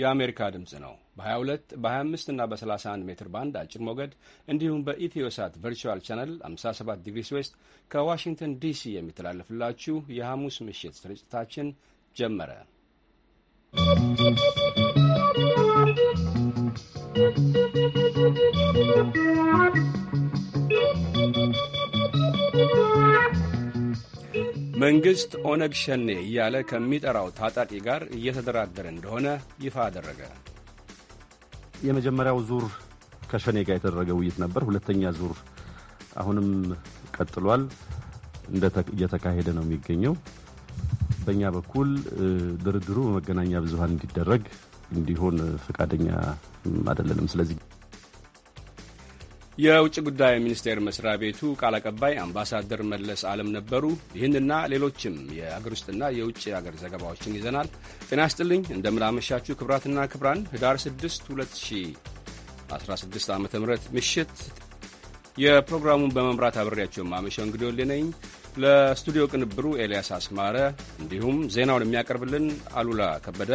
የአሜሪካ ድምፅ ነው። በ22 በ25 እና በ31 ሜትር ባንድ አጭር ሞገድ እንዲሁም በኢትዮሳት ቨርቹዋል ቻነል 57 ዲግሪስ ዌስት ከዋሽንግተን ዲሲ የሚተላለፍላችሁ የሐሙስ ምሽት ስርጭታችን ጀመረ። ¶¶ መንግሥት ኦነግ ሸኔ እያለ ከሚጠራው ታጣቂ ጋር እየተደራደረ እንደሆነ ይፋ አደረገ። የመጀመሪያው ዙር ከሸኔ ጋር የተደረገ ውይይት ነበር። ሁለተኛ ዙር አሁንም ቀጥሏል፣ እየተካሄደ ነው የሚገኘው። በእኛ በኩል ድርድሩ በመገናኛ ብዙኃን እንዲደረግ እንዲሆን ፈቃደኛ አይደለንም። ስለዚህ የውጭ ጉዳይ ሚኒስቴር መስሪያ ቤቱ ቃል አቀባይ አምባሳደር መለስ አለም ነበሩ። ይህንና ሌሎችም የአገር ውስጥና የውጭ አገር ዘገባዎችን ይዘናል። ጤና ይስጥልኝ፣ እንደምናመሻችሁ ክብራትና ክብራን ህዳር 6 2016 ዓ ም ምሽት የፕሮግራሙን በመምራት አብሬያቸው ማመሻው እንግዲህ ነኝ። ለስቱዲዮ ቅንብሩ ኤልያስ አስማረ እንዲሁም ዜናውን የሚያቀርብልን አሉላ ከበደ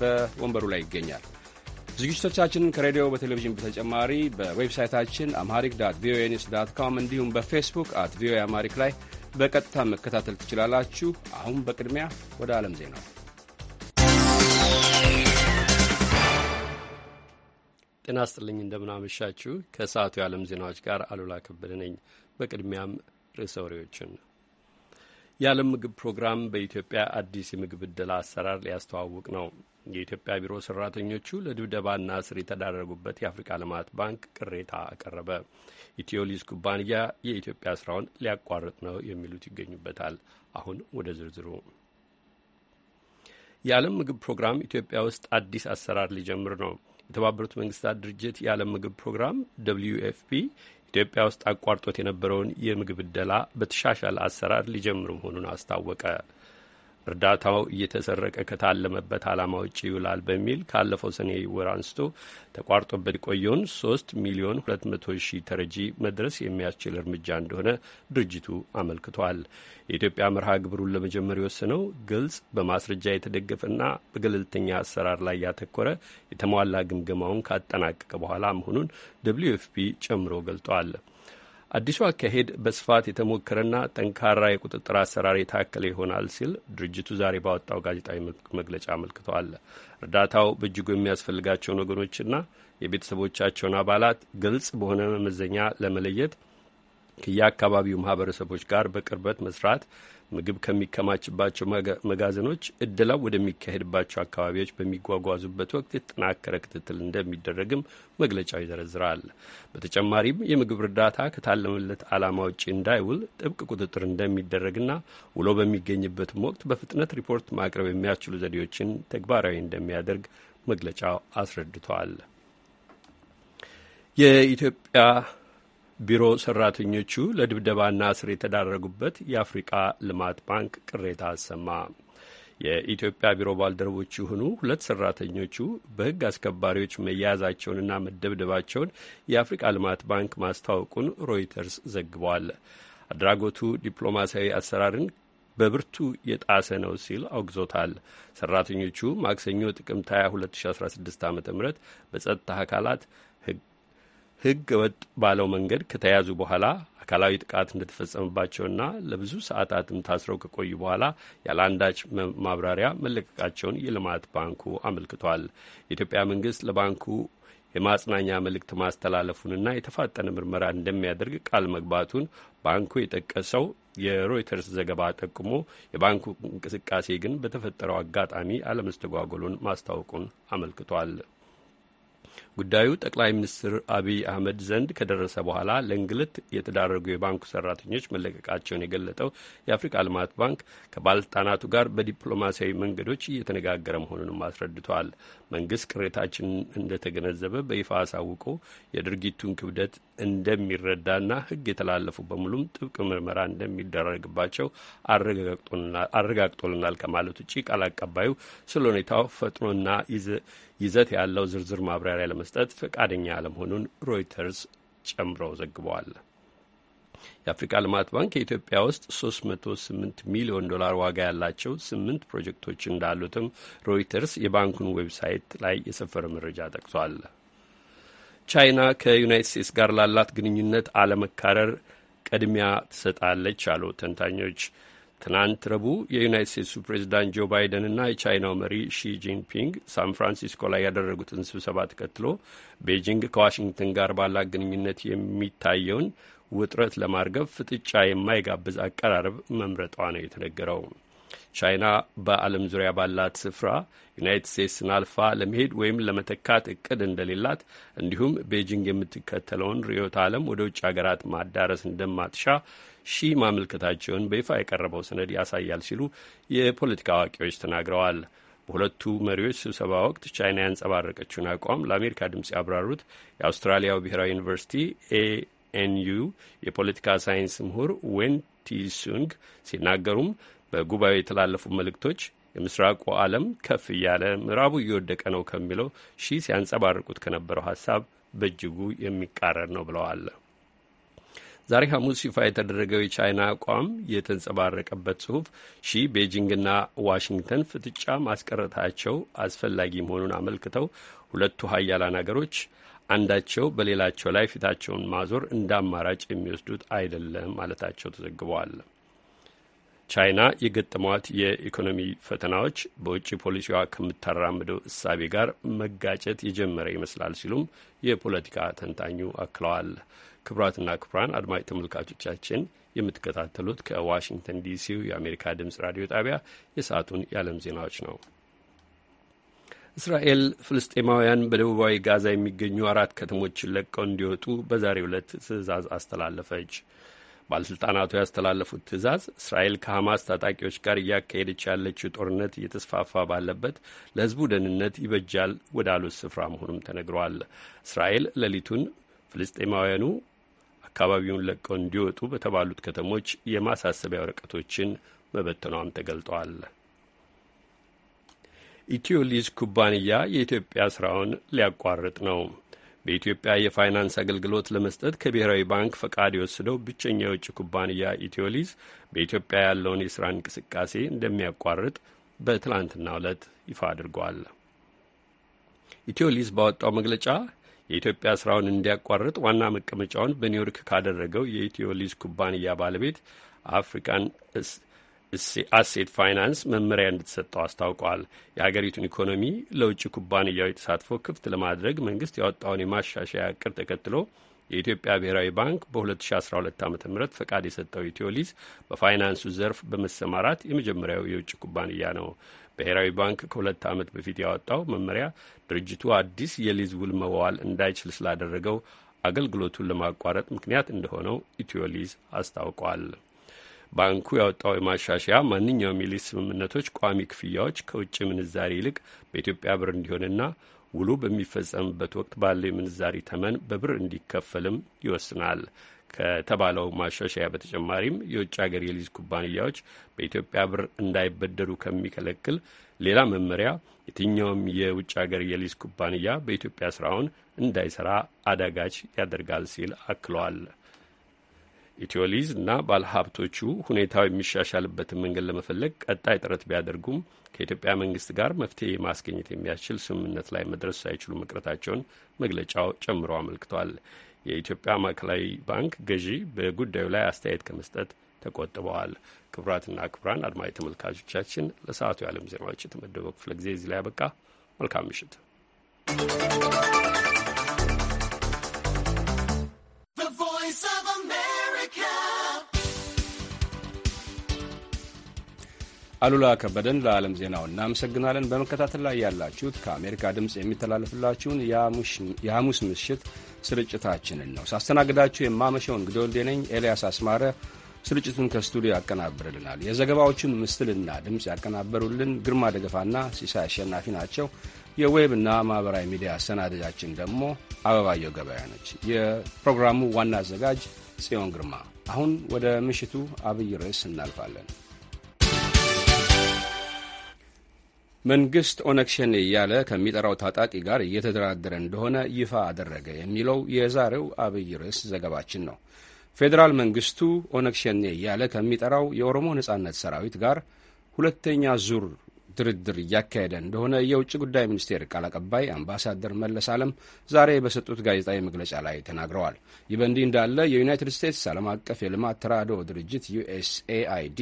በወንበሩ ላይ ይገኛል። ዝግጅቶቻችንን ከሬዲዮ በቴሌቪዥን በተጨማሪ በዌብሳይታችን አምሃሪክ ዳት ቪኦኤ ኒውስ ዳት ኮም እንዲሁም በፌስቡክ አት ቪኦኤ አማሪክ ላይ በቀጥታ መከታተል ትችላላችሁ። አሁን በቅድሚያ ወደ ዓለም ዜናው። ጤና ስጥልኝ፣ እንደምናመሻችሁ። ከሰዓቱ የዓለም ዜናዎች ጋር አሉላ ከበደ ነኝ። በቅድሚያም ርዕሰ ወሬዎችን የዓለም ምግብ ፕሮግራም በኢትዮጵያ አዲስ የምግብ ዕድል አሰራር ሊያስተዋውቅ ነው። የኢትዮጵያ ቢሮ ሰራተኞቹ ለድብደባና እስር የተዳረጉበት የአፍሪካ ልማት ባንክ ቅሬታ አቀረበ። ኢትዮሊስ ኩባንያ የኢትዮጵያ ስራውን ሊያቋርጥ ነው የሚሉት ይገኙበታል። አሁን ወደ ዝርዝሩ። የዓለም ምግብ ፕሮግራም ኢትዮጵያ ውስጥ አዲስ አሰራር ሊጀምር ነው። የተባበሩት መንግስታት ድርጅት የዓለም ምግብ ፕሮግራም ደብልዩ ኤፍ ኢትዮጵያ ውስጥ አቋርጦት የነበረውን የምግብ እደላ በተሻሻለ አሰራር ሊጀምር መሆኑን አስታወቀ። እርዳታው እየተሰረቀ ከታለመበት ዓላማ ውጭ ይውላል በሚል ካለፈው ሰኔ ወር አንስቶ ተቋርጦበት የቆየውን ሶስት ሚሊዮን ሁለት መቶ ሺህ ተረጂ መድረስ የሚያስችል እርምጃ እንደሆነ ድርጅቱ አመልክቷል። የኢትዮጵያ መርሃ ግብሩን ለመጀመር የወሰነው ግልጽ በማስረጃ የተደገፈና በገለልተኛ አሰራር ላይ ያተኮረ የተሟላ ግምገማውን ካጠናቀቀ በኋላ መሆኑን ደብሊዩ ኤፍፒ ጨምሮ ገልጧል። አዲሱ አካሄድ በስፋት የተሞከረና ጠንካራ የቁጥጥር አሰራር የታከለ ይሆናል ሲል ድርጅቱ ዛሬ ባወጣው ጋዜጣዊ መግለጫ አመልክቷል። እርዳታው በእጅጉ የሚያስፈልጋቸውን ወገኖችና የቤተሰቦቻቸውን አባላት ግልጽ በሆነ መመዘኛ ለመለየት ከየአካባቢው ማህበረሰቦች ጋር በቅርበት መስራት ምግብ ከሚከማችባቸው መጋዘኖች እደላው ወደሚካሄድባቸው አካባቢዎች በሚጓጓዙበት ወቅት የተጠናከረ ክትትል እንደሚደረግም መግለጫው ይዘረዝራል። በተጨማሪም የምግብ እርዳታ ከታለመለት ዓላማ ውጪ እንዳይውል ጥብቅ ቁጥጥር እንደሚደረግና ውሎ በሚገኝበትም ወቅት በፍጥነት ሪፖርት ማቅረብ የሚያስችሉ ዘዴዎችን ተግባራዊ እንደሚያደርግ መግለጫው አስረድቷል። የኢትዮጵያ ቢሮ ሰራተኞቹ ለድብደባና እስር የተዳረጉበት የአፍሪቃ ልማት ባንክ ቅሬታ አሰማ። የኢትዮጵያ ቢሮ ባልደረቦች የሆኑ ሁለት ሰራተኞቹ በሕግ አስከባሪዎች መያያዛቸውንና መደብደባቸውን የአፍሪቃ ልማት ባንክ ማስታወቁን ሮይተርስ ዘግቧል። አድራጎቱ ዲፕሎማሲያዊ አሰራርን በብርቱ የጣሰ ነው ሲል አውግዞታል። ሰራተኞቹ ማክሰኞ ጥቅምት 22 2016 ዓ ም በጸጥታ አካላት ህግ ወጥ ባለው መንገድ ከተያዙ በኋላ አካላዊ ጥቃት እንደተፈጸመባቸውና ለብዙ ሰዓታትም ታስረው ከቆዩ በኋላ ያለአንዳች ማብራሪያ መለቀቃቸውን የልማት ባንኩ አመልክቷል። የኢትዮጵያ መንግስት ለባንኩ የማጽናኛ መልእክት ማስተላለፉንና የተፋጠነ ምርመራ እንደሚያደርግ ቃል መግባቱን ባንኩ የጠቀሰው የሮይተርስ ዘገባ ጠቁሞ የባንኩ እንቅስቃሴ ግን በተፈጠረው አጋጣሚ አለመስተጓጎሉን ማስታወቁን አመልክቷል። ጉዳዩ ጠቅላይ ሚኒስትር አብይ አህመድ ዘንድ ከደረሰ በኋላ ለእንግልት የተዳረጉ የባንኩ ሰራተኞች መለቀቃቸውን የገለጠው የአፍሪካ ልማት ባንክ ከባለስልጣናቱ ጋር በዲፕሎማሲያዊ መንገዶች እየተነጋገረ መሆኑንም አስረድቷል። መንግስት ቅሬታችንን እንደተገነዘበ በይፋ አሳውቆ የድርጊቱን ክብደት እንደሚረዳና ሕግ የተላለፉ በሙሉም ጥብቅ ምርመራ እንደሚደረግባቸው አረጋግጦልናል ከማለት ውጭ ቃል አቀባዩ ስለ ሁኔታው ፈጥኖና ይዘት ያለው ዝርዝር ማብራሪያ ለመስጠት ፈቃደኛ አለመሆኑን ሮይተርስ ጨምረው ዘግበዋል። የአፍሪካ ልማት ባንክ የኢትዮጵያ ውስጥ 308 ሚሊዮን ዶላር ዋጋ ያላቸው ስምንት ፕሮጀክቶች እንዳሉትም ሮይተርስ የባንኩን ዌብሳይት ላይ የሰፈረ መረጃ ጠቅሷል። ቻይና ከዩናይት ስቴትስ ጋር ላላት ግንኙነት አለመካረር ቅድሚያ ትሰጣለች አሉ ተንታኞች። ትናንት ረቡዕ የዩናይት ስቴትሱ ፕሬዚዳንት ጆ ባይደንና የቻይናው መሪ ሺ ጂንፒንግ ሳን ፍራንሲስኮ ላይ ያደረጉትን ስብሰባ ተከትሎ ቤጂንግ ከዋሽንግተን ጋር ባላት ግንኙነት የሚታየውን ውጥረት ለማርገብ ፍጥጫ የማይጋብዝ አቀራረብ መምረጧ ነው የተነገረው። ቻይና በዓለም ዙሪያ ባላት ስፍራ ዩናይትድ ስቴትስን አልፋ ለመሄድ ወይም ለመተካት እቅድ እንደሌላት እንዲሁም ቤጂንግ የምትከተለውን ርዕዮተ ዓለም ወደ ውጭ ሀገራት ማዳረስ እንደማትሻ ሺ ማመልከታቸውን በይፋ የቀረበው ሰነድ ያሳያል ሲሉ የፖለቲካ አዋቂዎች ተናግረዋል። በሁለቱ መሪዎች ስብሰባ ወቅት ቻይና ያንጸባረቀችውን አቋም ለአሜሪካ ድምፅ ያብራሩት የአውስትራሊያው ብሔራዊ ዩኒቨርሲቲ ኤኤንዩ የፖለቲካ ሳይንስ ምሁር ዌን ቲሱንግ ሲናገሩም በጉባኤው የተላለፉ መልእክቶች የምስራቁ ዓለም ከፍ እያለ ምዕራቡ እየወደቀ ነው ከሚለው ሺህ ሲያንጸባርቁት ከነበረው ሀሳብ በእጅጉ የሚቃረን ነው ብለዋል። ዛሬ ሐሙስ ይፋ የተደረገው የቻይና አቋም የተንጸባረቀበት ጽሁፍ ሺ ቤጂንግና ዋሽንግተን ፍጥጫ ማስቀረታቸው አስፈላጊ መሆኑን አመልክተው ሁለቱ ሀያላን አገሮች አንዳቸው በሌላቸው ላይ ፊታቸውን ማዞር እንደ አማራጭ የሚወስዱት አይደለም ማለታቸው ተዘግበዋል። ቻይና የገጠሟት የኢኮኖሚ ፈተናዎች በውጭ ፖሊሲዋ ከምታራምደው እሳቤ ጋር መጋጨት የጀመረ ይመስላል ሲሉም የፖለቲካ ተንታኙ አክለዋል። ክቡራትና ክቡራን አድማጭ ተመልካቾቻችን የምትከታተሉት ከዋሽንግተን ዲሲው የአሜሪካ ድምጽ ራዲዮ ጣቢያ የሰዓቱን የዓለም ዜናዎች ነው። እስራኤል ፍልስጤማውያን በደቡባዊ ጋዛ የሚገኙ አራት ከተሞችን ለቀው እንዲወጡ በዛሬው ዕለት ትዕዛዝ አስተላለፈች። ባለሥልጣናቱ ያስተላለፉት ትዕዛዝ እስራኤል ከሐማስ ታጣቂዎች ጋር እያካሄደች ያለችው ጦርነት እየተስፋፋ ባለበት ለሕዝቡ ደህንነት ይበጃል ወዳሉት ስፍራ መሆኑም ተነግረዋል። እስራኤል ሌሊቱን ፍልስጤማውያኑ አካባቢውን ለቀው እንዲወጡ በተባሉት ከተሞች የማሳሰቢያ ወረቀቶችን መበተኗም ተገልጠዋል። ኢትዮሊዝ ኩባንያ የኢትዮጵያ ስራውን ሊያቋርጥ ነው። በኢትዮጵያ የፋይናንስ አገልግሎት ለመስጠት ከብሔራዊ ባንክ ፈቃድ የወሰደው ብቸኛ የውጭ ኩባንያ ኢትዮሊዝ በኢትዮጵያ ያለውን የስራ እንቅስቃሴ እንደሚያቋርጥ በትላንትናው ዕለት ይፋ አድርጓል። ኢትዮሊዝ ባወጣው መግለጫ የኢትዮጵያ ስራውን እንዲያቋርጥ ዋና መቀመጫውን በኒውዮርክ ካደረገው የኢትዮሊዝ ኩባንያ ባለቤት አፍሪካን አሴት ፋይናንስ መመሪያ እንደተሰጠው አስታውቋል። የሀገሪቱን ኢኮኖሚ ለውጭ ኩባንያዎች ተሳትፎ ክፍት ለማድረግ መንግስት ያወጣውን የማሻሻያ እቅድ ተከትሎ የኢትዮጵያ ብሔራዊ ባንክ በ2012 ዓ ም ፈቃድ የሰጠው ኢትዮሊዝ በፋይናንሱ ዘርፍ በመሰማራት የመጀመሪያው የውጭ ኩባንያ ነው። ብሔራዊ ባንክ ከሁለት ዓመት በፊት ያወጣው መመሪያ ድርጅቱ አዲስ የሊዝ ውል መዋል እንዳይችል ስላደረገው አገልግሎቱን ለማቋረጥ ምክንያት እንደሆነው ኢትዮሊዝ አስታውቋል። ባንኩ ያወጣው የማሻሻያ ማንኛውም የሊዝ ስምምነቶች ቋሚ ክፍያዎች ከውጭ ምንዛሪ ይልቅ በኢትዮጵያ ብር እንዲሆንና ውሉ በሚፈጸምበት ወቅት ባለው የምንዛሪ ተመን በብር እንዲከፈልም ይወስናል። ከተባለው ማሻሻያ በተጨማሪም የውጭ ሀገር የሊዝ ኩባንያዎች በኢትዮጵያ ብር እንዳይበደሩ ከሚከለክል ሌላ መመሪያ የትኛውም የውጭ ሀገር የሊዝ ኩባንያ በኢትዮጵያ ስራውን እንዳይሰራ አዳጋች ያደርጋል ሲል አክለዋል። ኢትዮሊዝ እና ባለሀብቶቹ ሁኔታው የሚሻሻልበትን መንገድ ለመፈለግ ቀጣይ ጥረት ቢያደርጉም ከኢትዮጵያ መንግስት ጋር መፍትሄ ማስገኘት የሚያስችል ስምምነት ላይ መድረስ ሳይችሉ መቅረታቸውን መግለጫው ጨምሮ አመልክቷል። የኢትዮጵያ ማዕከላዊ ባንክ ገዢ በጉዳዩ ላይ አስተያየት ከመስጠት ተቆጥበዋል። ክቡራትና ክቡራን አድማጭ ተመልካቾቻችን ለሰዓቱ የዓለም ዜናዎች የተመደበው ክፍለ ጊዜ እዚህ ላይ ያበቃ። መልካም ምሽት። አሉላ ከበደን ለዓለም ዜናው እናመሰግናለን። በመከታተል ላይ ያላችሁት ከአሜሪካ ድምፅ የሚተላለፍላችሁን የሐሙስ ምሽት ስርጭታችንን ነው። ሳስተናግዳችሁ የማመሸው እንግዲህ ወልዴ ነኝ። ኤልያስ አስማረ ስርጭቱን ከስቱዲዮ ያቀናብርልናል። የዘገባዎቹን ምስልና ድምፅ ያቀናበሩልን ግርማ ደገፋና ሲሳይ አሸናፊ ናቸው። የዌብና ማኅበራዊ ሚዲያ አሰናዳጃችን ደግሞ አበባየው ገበያ ነች። የፕሮግራሙ ዋና አዘጋጅ ጽዮን ግርማ። አሁን ወደ ምሽቱ አብይ ርዕስ እናልፋለን። መንግስት ኦነግ ሸኔ እያለ ከሚጠራው ታጣቂ ጋር እየተደራደረ እንደሆነ ይፋ አደረገ የሚለው የዛሬው አብይ ርዕስ ዘገባችን ነው። ፌዴራል መንግስቱ ኦነግ ሸኔ እያለ ከሚጠራው የኦሮሞ ነጻነት ሰራዊት ጋር ሁለተኛ ዙር ድርድር እያካሄደ እንደሆነ የውጭ ጉዳይ ሚኒስቴር ቃል አቀባይ አምባሳደር መለስ አለም ዛሬ በሰጡት ጋዜጣዊ መግለጫ ላይ ተናግረዋል። ይህ በእንዲህ እንዳለ የዩናይትድ ስቴትስ ዓለም አቀፍ የልማት ተራድኦ ድርጅት ዩኤስኤአይዲ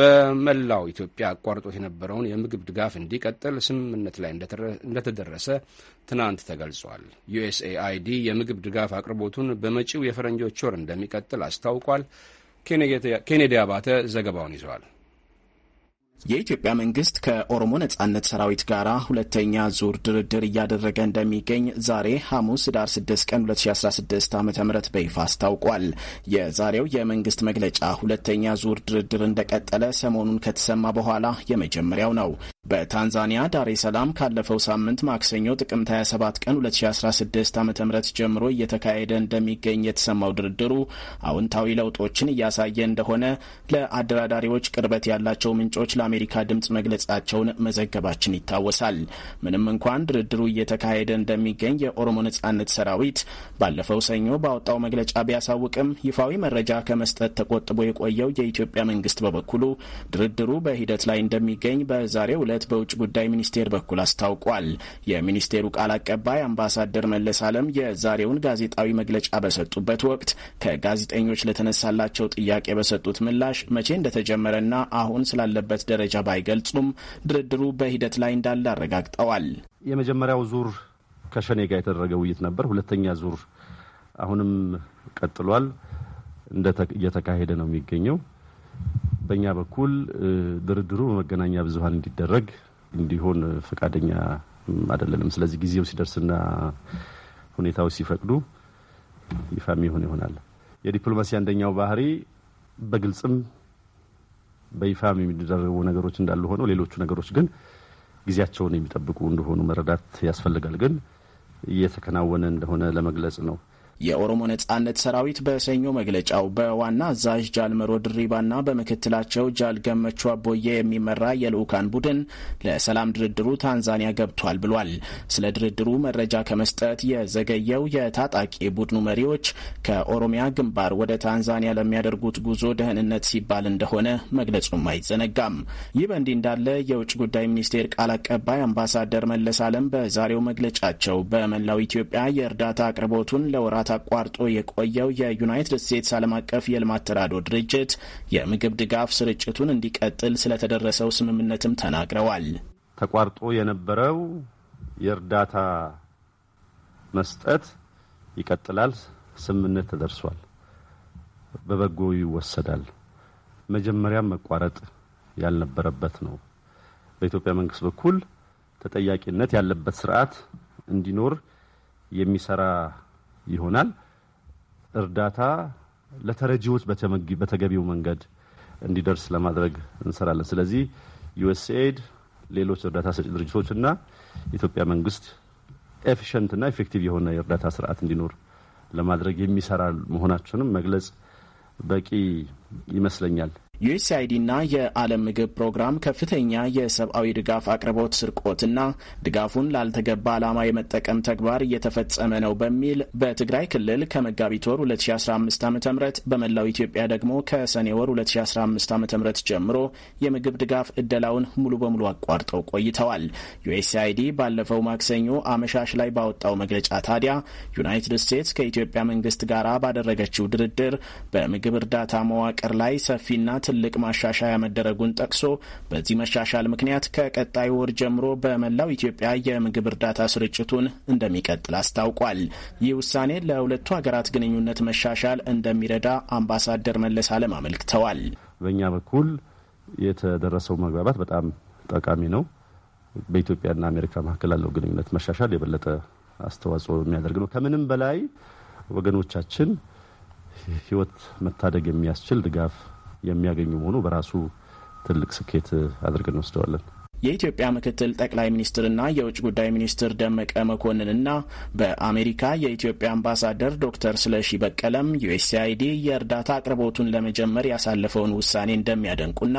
በመላው ኢትዮጵያ አቋርጦት የነበረውን የምግብ ድጋፍ እንዲቀጥል ስምምነት ላይ እንደተደረሰ ትናንት ተገልጿል። ዩኤስኤአይዲ የምግብ ድጋፍ አቅርቦቱን በመጪው የፈረንጆች ወር እንደሚቀጥል አስታውቋል። ኬኔዲ አባተ ዘገባውን ይዘዋል። የኢትዮጵያ መንግስት ከኦሮሞ ነጻነት ሰራዊት ጋር ሁለተኛ ዙር ድርድር እያደረገ እንደሚገኝ ዛሬ ሐሙስ ዳር 6 ቀን 2016 ዓ ም በይፋ አስታውቋል። የዛሬው የመንግስት መግለጫ ሁለተኛ ዙር ድርድር እንደቀጠለ ሰሞኑን ከተሰማ በኋላ የመጀመሪያው ነው። በታንዛኒያ ዳሬ ሰላም ካለፈው ሳምንት ማክሰኞ ጥቅምት 27 ቀን 2016 ዓ ም ጀምሮ እየተካሄደ እንደሚገኝ የተሰማው ድርድሩ አዎንታዊ ለውጦችን እያሳየ እንደሆነ ለአደራዳሪዎች ቅርበት ያላቸው ምንጮች ለአሜሪካ ድምፅ መግለጻቸውን መዘገባችን ይታወሳል። ምንም እንኳን ድርድሩ እየተካሄደ እንደሚገኝ የኦሮሞ ነጻነት ሰራዊት ባለፈው ሰኞ ባወጣው መግለጫ ቢያሳውቅም ይፋዊ መረጃ ከመስጠት ተቆጥቦ የቆየው የኢትዮጵያ መንግስት በበኩሉ ድርድሩ በሂደት ላይ እንደሚገኝ በዛሬው እንደሚቻልለት በውጭ ጉዳይ ሚኒስቴር በኩል አስታውቋል። የሚኒስቴሩ ቃል አቀባይ አምባሳደር መለስ አለም የዛሬውን ጋዜጣዊ መግለጫ በሰጡበት ወቅት ከጋዜጠኞች ለተነሳላቸው ጥያቄ በሰጡት ምላሽ መቼ እንደተጀመረና አሁን ስላለበት ደረጃ ባይገልጹም ድርድሩ በሂደት ላይ እንዳለ አረጋግጠዋል። የመጀመሪያው ዙር ከሸኔ ጋር የተደረገ ውይይት ነበር። ሁለተኛ ዙር አሁንም ቀጥሏል፣ እየተካሄደ ነው የሚገኘው። በእኛ በኩል ድርድሩ በመገናኛ ብዙኃን እንዲደረግ እንዲሆን ፈቃደኛ አይደለንም። ስለዚህ ጊዜው ሲደርስና ሁኔታው ሲፈቅዱ ይፋ የሚሆን ይሆናል። የዲፕሎማሲ አንደኛው ባህሪ በግልጽም በይፋም የሚደረጉ ነገሮች እንዳሉ ሆነው ሌሎቹ ነገሮች ግን ጊዜያቸውን የሚጠብቁ እንደሆኑ መረዳት ያስፈልጋል። ግን እየተከናወነ እንደሆነ ለመግለጽ ነው። የኦሮሞ ነጻነት ሰራዊት በሰኞ መግለጫው በዋና አዛዥ ጃልመሮ ድሪባና በምክትላቸው ጃል ገመቹ አቦዬ የሚመራ የልዑካን ቡድን ለሰላም ድርድሩ ታንዛኒያ ገብቷል ብሏል። ስለ ድርድሩ መረጃ ከመስጠት የዘገየው የታጣቂ ቡድኑ መሪዎች ከኦሮሚያ ግንባር ወደ ታንዛኒያ ለሚያደርጉት ጉዞ ደህንነት ሲባል እንደሆነ መግለጹም አይዘነጋም። ይህ በእንዲህ እንዳለ የውጭ ጉዳይ ሚኒስቴር ቃል አቀባይ አምባሳደር መለስ አለም በዛሬው መግለጫቸው በመላው ኢትዮጵያ የእርዳታ አቅርቦቱን ለወራት አቋርጦ የቆየው የዩናይትድ ስቴትስ ዓለም አቀፍ የልማት ተራድኦ ድርጅት የምግብ ድጋፍ ስርጭቱን እንዲቀጥል ስለተደረሰው ስምምነትም ተናግረዋል። ተቋርጦ የነበረው የእርዳታ መስጠት ይቀጥላል። ስምምነት ተደርሷል። በበጎ ይወሰዳል። መጀመሪያም መቋረጥ ያልነበረበት ነው። በኢትዮጵያ መንግስት በኩል ተጠያቂነት ያለበት ስርዓት እንዲኖር የሚሰራ ይሆናል። እርዳታ ለተረጂዎች በተገቢው መንገድ እንዲደርስ ለማድረግ እንሰራለን። ስለዚህ ዩኤስኤድ፣ ሌሎች እርዳታ ሰጪ ድርጅቶች እና የኢትዮጵያ መንግስት ኤፊሽንት እና ኤፌክቲቭ የሆነ የእርዳታ ስርዓት እንዲኖር ለማድረግ የሚሰራ መሆናቸውንም መግለጽ በቂ ይመስለኛል። ዩኤስአይዲና የዓለም ምግብ ፕሮግራም ከፍተኛ የሰብአዊ ድጋፍ አቅርቦት ስርቆትና ድጋፉን ላልተገባ ዓላማ የመጠቀም ተግባር እየተፈጸመ ነው በሚል በትግራይ ክልል ከመጋቢት ወር 2015 ዓ ም በመላው ኢትዮጵያ ደግሞ ከሰኔ ወር 2015 ዓ ም ጀምሮ የምግብ ድጋፍ እደላውን ሙሉ በሙሉ አቋርጠው ቆይተዋል። ዩኤስአይዲ ባለፈው ማክሰኞ አመሻሽ ላይ ባወጣው መግለጫ ታዲያ ዩናይትድ ስቴትስ ከኢትዮጵያ መንግስት ጋር ባደረገችው ድርድር በምግብ እርዳታ መዋቅር ላይ ሰፊና ትልቅ ማሻሻያ መደረጉን ጠቅሶ በዚህ መሻሻል ምክንያት ከቀጣይ ወር ጀምሮ በመላው ኢትዮጵያ የምግብ እርዳታ ስርጭቱን እንደሚቀጥል አስታውቋል። ይህ ውሳኔ ለሁለቱ ሀገራት ግንኙነት መሻሻል እንደሚረዳ አምባሳደር መለስ አለም አመልክተዋል። በእኛ በኩል የተደረሰው መግባባት በጣም ጠቃሚ ነው። በኢትዮጵያና አሜሪካ መካከል ያለው ግንኙነት መሻሻል የበለጠ አስተዋጽኦ የሚያደርግ ነው። ከምንም በላይ ወገኖቻችን ሕይወት መታደግ የሚያስችል ድጋፍ የሚያገኙ መሆኑ በራሱ ትልቅ ስኬት አድርገን ወስደዋለን። የኢትዮጵያ ምክትል ጠቅላይ ሚኒስትርና የውጭ ጉዳይ ሚኒስትር ደመቀ መኮንንና በአሜሪካ የኢትዮጵያ አምባሳደር ዶክተር ስለሺ በቀለም ዩኤስአይዲ የእርዳታ አቅርቦቱን ለመጀመር ያሳለፈውን ውሳኔ እንደሚያደንቁና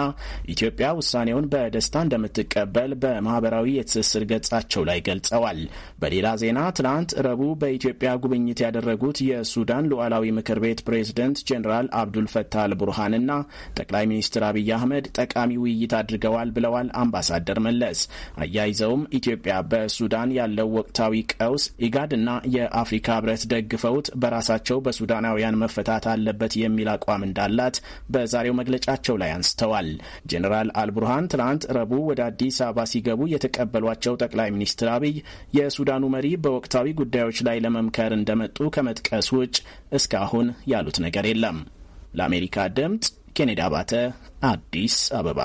ኢትዮጵያ ውሳኔውን በደስታ እንደምትቀበል በማህበራዊ የትስስር ገጻቸው ላይ ገልጸዋል። በሌላ ዜና ትናንት ረቡዕ በኢትዮጵያ ጉብኝት ያደረጉት የሱዳን ሉዓላዊ ምክር ቤት ፕሬዝደንት ጀኔራል አብዱል አል ቡርሃንና ጠቅላይ ሚኒስትር አብይ አህመድ ጠቃሚ ውይይት አድርገዋል ብለዋል አምባሳደር ዶክተር መለስ አያይዘውም ኢትዮጵያ በሱዳን ያለው ወቅታዊ ቀውስ ኢጋድና የአፍሪካ ህብረት ደግፈውት በራሳቸው በሱዳናውያን መፈታት አለበት የሚል አቋም እንዳላት በዛሬው መግለጫቸው ላይ አንስተዋል። ጄኔራል አልቡርሃን ትናንት ረቡዕ ወደ አዲስ አበባ ሲገቡ የተቀበሏቸው ጠቅላይ ሚኒስትር አብይ የሱዳኑ መሪ በወቅታዊ ጉዳዮች ላይ ለመምከር እንደመጡ ከመጥቀስ ውጭ እስካሁን ያሉት ነገር የለም። ለአሜሪካ ድምፅ ኬኔዲ አባተ አዲስ አበባ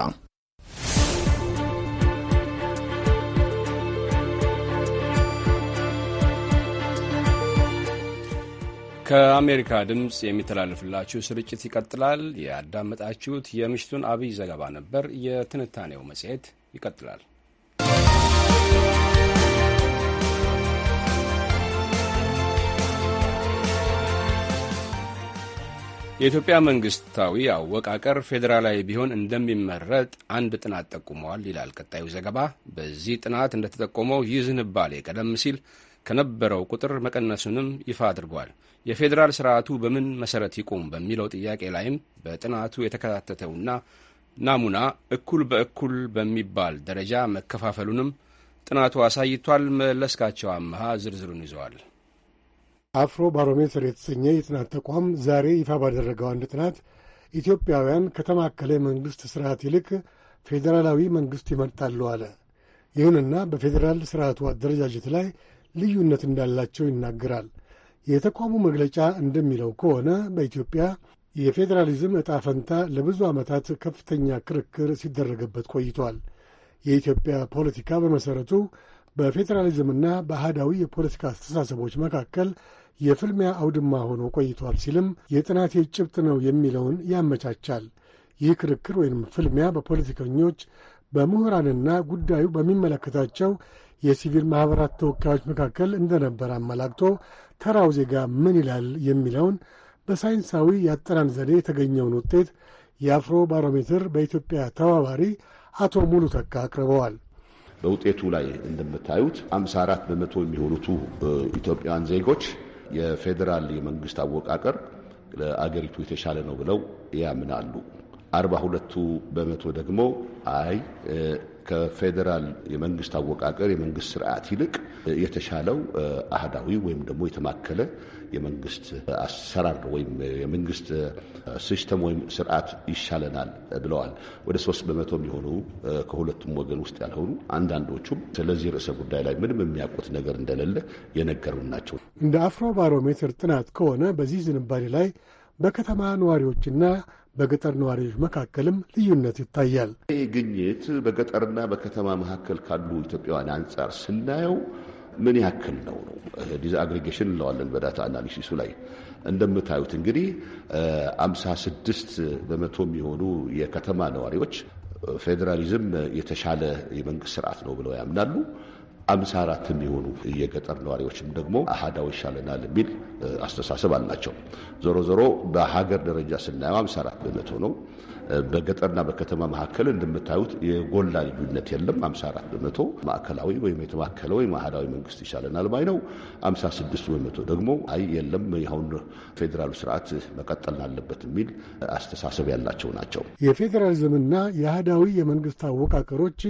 ከአሜሪካ ድምፅ የሚተላለፍላችሁ ስርጭት ይቀጥላል። ያዳመጣችሁት የምሽቱን አብይ ዘገባ ነበር። የትንታኔው መጽሔት ይቀጥላል። የኢትዮጵያ መንግስታዊ አወቃቀር ፌዴራላዊ ቢሆን እንደሚመረጥ አንድ ጥናት ጠቁመዋል ይላል ቀጣዩ ዘገባ። በዚህ ጥናት እንደተጠቆመው ይህ ዝንባሌ ቀደም ሲል ከነበረው ቁጥር መቀነሱንም ይፋ አድርጓል። የፌዴራል ስርዓቱ በምን መሰረት ይቁም በሚለው ጥያቄ ላይም በጥናቱ የተከታተተውና ናሙና እኩል በእኩል በሚባል ደረጃ መከፋፈሉንም ጥናቱ አሳይቷል። መለስካቸው አመሃ ዝርዝሩን ይዘዋል። አፍሮ ባሮሜትር የተሰኘ የጥናት ተቋም ዛሬ ይፋ ባደረገው አንድ ጥናት ኢትዮጵያውያን ከተማከለ የመንግሥት ሥርዓት ይልቅ ፌዴራላዊ መንግሥት ይመርጣሉ አለ። ይሁንና በፌዴራል ሥርዓቱ አደረጃጀት ላይ ልዩነት እንዳላቸው ይናገራል። የተቋሙ መግለጫ እንደሚለው ከሆነ በኢትዮጵያ የፌዴራሊዝም ዕጣ ፈንታ ለብዙ ዓመታት ከፍተኛ ክርክር ሲደረግበት ቆይቷል። የኢትዮጵያ ፖለቲካ በመሠረቱ በፌዴራሊዝምና በአህዳዊ የፖለቲካ አስተሳሰቦች መካከል የፍልሚያ አውድማ ሆኖ ቆይቷል ሲልም የጥናቴ ጭብጥ ነው የሚለውን ያመቻቻል። ይህ ክርክር ወይም ፍልሚያ በፖለቲከኞች በምሁራንና ጉዳዩ በሚመለከታቸው የሲቪል ማኅበራት ተወካዮች መካከል እንደነበር አመላክቶ ተራው ዜጋ ምን ይላል የሚለውን በሳይንሳዊ የአጠናን ዘዴ የተገኘውን ውጤት የአፍሮ ባሮሜትር በኢትዮጵያ ተባባሪ አቶ ሙሉ ተካ አቅርበዋል። በውጤቱ ላይ እንደምታዩት 54 በመቶ የሚሆኑቱ ኢትዮጵያውያን ዜጎች የፌዴራል የመንግስት አወቃቀር ለአገሪቱ የተሻለ ነው ብለው ያምናሉ። 42 በመቶ ደግሞ አይ ከፌዴራል የመንግስት አወቃቀር የመንግስት ስርዓት ይልቅ የተሻለው አህዳዊ ወይም ደግሞ የተማከለ የመንግስት አሰራር ወይም የመንግስት ሲስተም ወይም ስርዓት ይሻለናል ብለዋል። ወደ ሶስት በመቶ የሚሆኑ ከሁለቱም ወገን ውስጥ ያልሆኑ አንዳንዶቹም ስለዚህ ርዕሰ ጉዳይ ላይ ምንም የሚያውቁት ነገር እንደሌለ የነገሩን ናቸው። እንደ አፍሮ ባሮሜትር ጥናት ከሆነ በዚህ ዝንባሌ ላይ በከተማ ነዋሪዎችና በገጠር ነዋሪዎች መካከልም ልዩነት ይታያል። ይህ ግኝት በገጠርና በከተማ መካከል ካሉ ኢትዮጵያውያን አንጻር ስናየው ምን ያክል ነው ነው ዲዛ አግሪጌሽን እንለዋለን በዳታ አናሊሲሱ ላይ እንደምታዩት እንግዲህ 56 በመቶ የሚሆኑ የከተማ ነዋሪዎች ፌዴራሊዝም የተሻለ የመንግስት ስርዓት ነው ብለው ያምናሉ። አምሳ አራት የሚሆኑ የገጠር ነዋሪዎችም ደግሞ አሃዳው ይሻለናል የሚል አስተሳሰብ አላቸው። ዞሮ ዞሮ በሀገር ደረጃ ስናየው አምሳ አራት በመቶ ነው። በገጠርና በከተማ መካከል እንደምታዩት የጎላ ልዩነት የለም። 54 በመቶ ማዕከላዊ ወይም የተማከለ ወይም አህዳዊ መንግስት ይሻለናል ባይ ነው። አምሳ ስድስት በመቶ ደግሞ አይ የለም አሁን ፌዴራሉ ስርዓት መቀጠል አለበት የሚል አስተሳሰብ ያላቸው ናቸው። የፌዴራሊዝምና የአህዳዊ የመንግስት አወቃቀሮች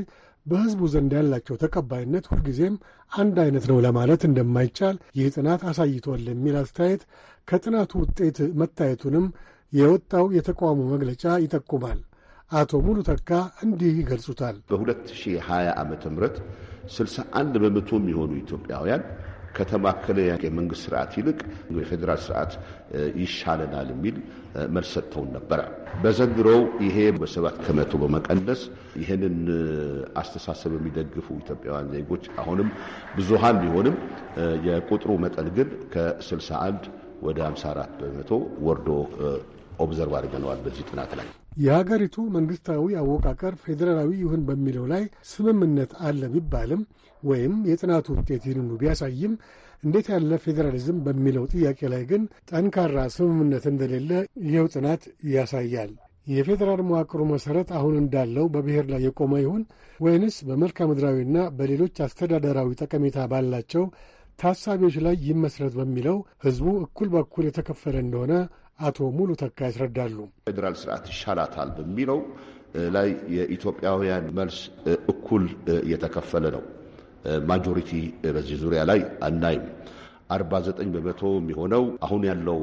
በሕዝቡ ዘንድ ያላቸው ተቀባይነት ሁልጊዜም አንድ አይነት ነው ለማለት እንደማይቻል ይህ ጥናት አሳይቷል የሚል አስተያየት ከጥናቱ ውጤት መታየቱንም የወጣው የተቋሙ መግለጫ ይጠቁማል። አቶ ሙሉ ተካ እንዲህ ይገልጹታል። በ2020 ዓ ም 61 በመቶ የሚሆኑ ኢትዮጵያውያን ከተማከለ የመንግስት ስርዓት ይልቅ የፌዴራል ስርዓት ይሻለናል የሚል መልስ ሰጥተውን ነበረ። በዘንድሮው ይሄ በሰባት ከመቶ በመቀነስ ይህንን አስተሳሰብ የሚደግፉ ኢትዮጵያውያን ዜጎች አሁንም ብዙሃን ቢሆንም የቁጥሩ መጠን ግን ከ61 ወደ 54 በመቶ ወርዶ ኦብዘርቭ አድርገነዋል በዚህ ጥናት ላይ። የሀገሪቱ መንግስታዊ አወቃቀር ፌዴራላዊ ይሁን በሚለው ላይ ስምምነት አለ ቢባልም ወይም የጥናቱ ውጤት ይህንኑ ቢያሳይም እንዴት ያለ ፌዴራሊዝም በሚለው ጥያቄ ላይ ግን ጠንካራ ስምምነት እንደሌለ ይኸው ጥናት ያሳያል። የፌዴራል መዋቅሩ መሠረት አሁን እንዳለው በብሔር ላይ የቆመ ይሁን ወይንስ በመልክዓ ምድራዊና በሌሎች አስተዳደራዊ ጠቀሜታ ባላቸው ታሳቢዎች ላይ ይመስረት በሚለው ሕዝቡ እኩል በኩል የተከፈለ እንደሆነ አቶ ሙሉ ተካ ያስረዳሉ። ፌዴራል ስርዓት ይሻላታል በሚለው ላይ የኢትዮጵያውያን መልስ እኩል የተከፈለ ነው። ማጆሪቲ በዚህ ዙሪያ ላይ አናይም። 49 በመቶ የሚሆነው አሁን ያለው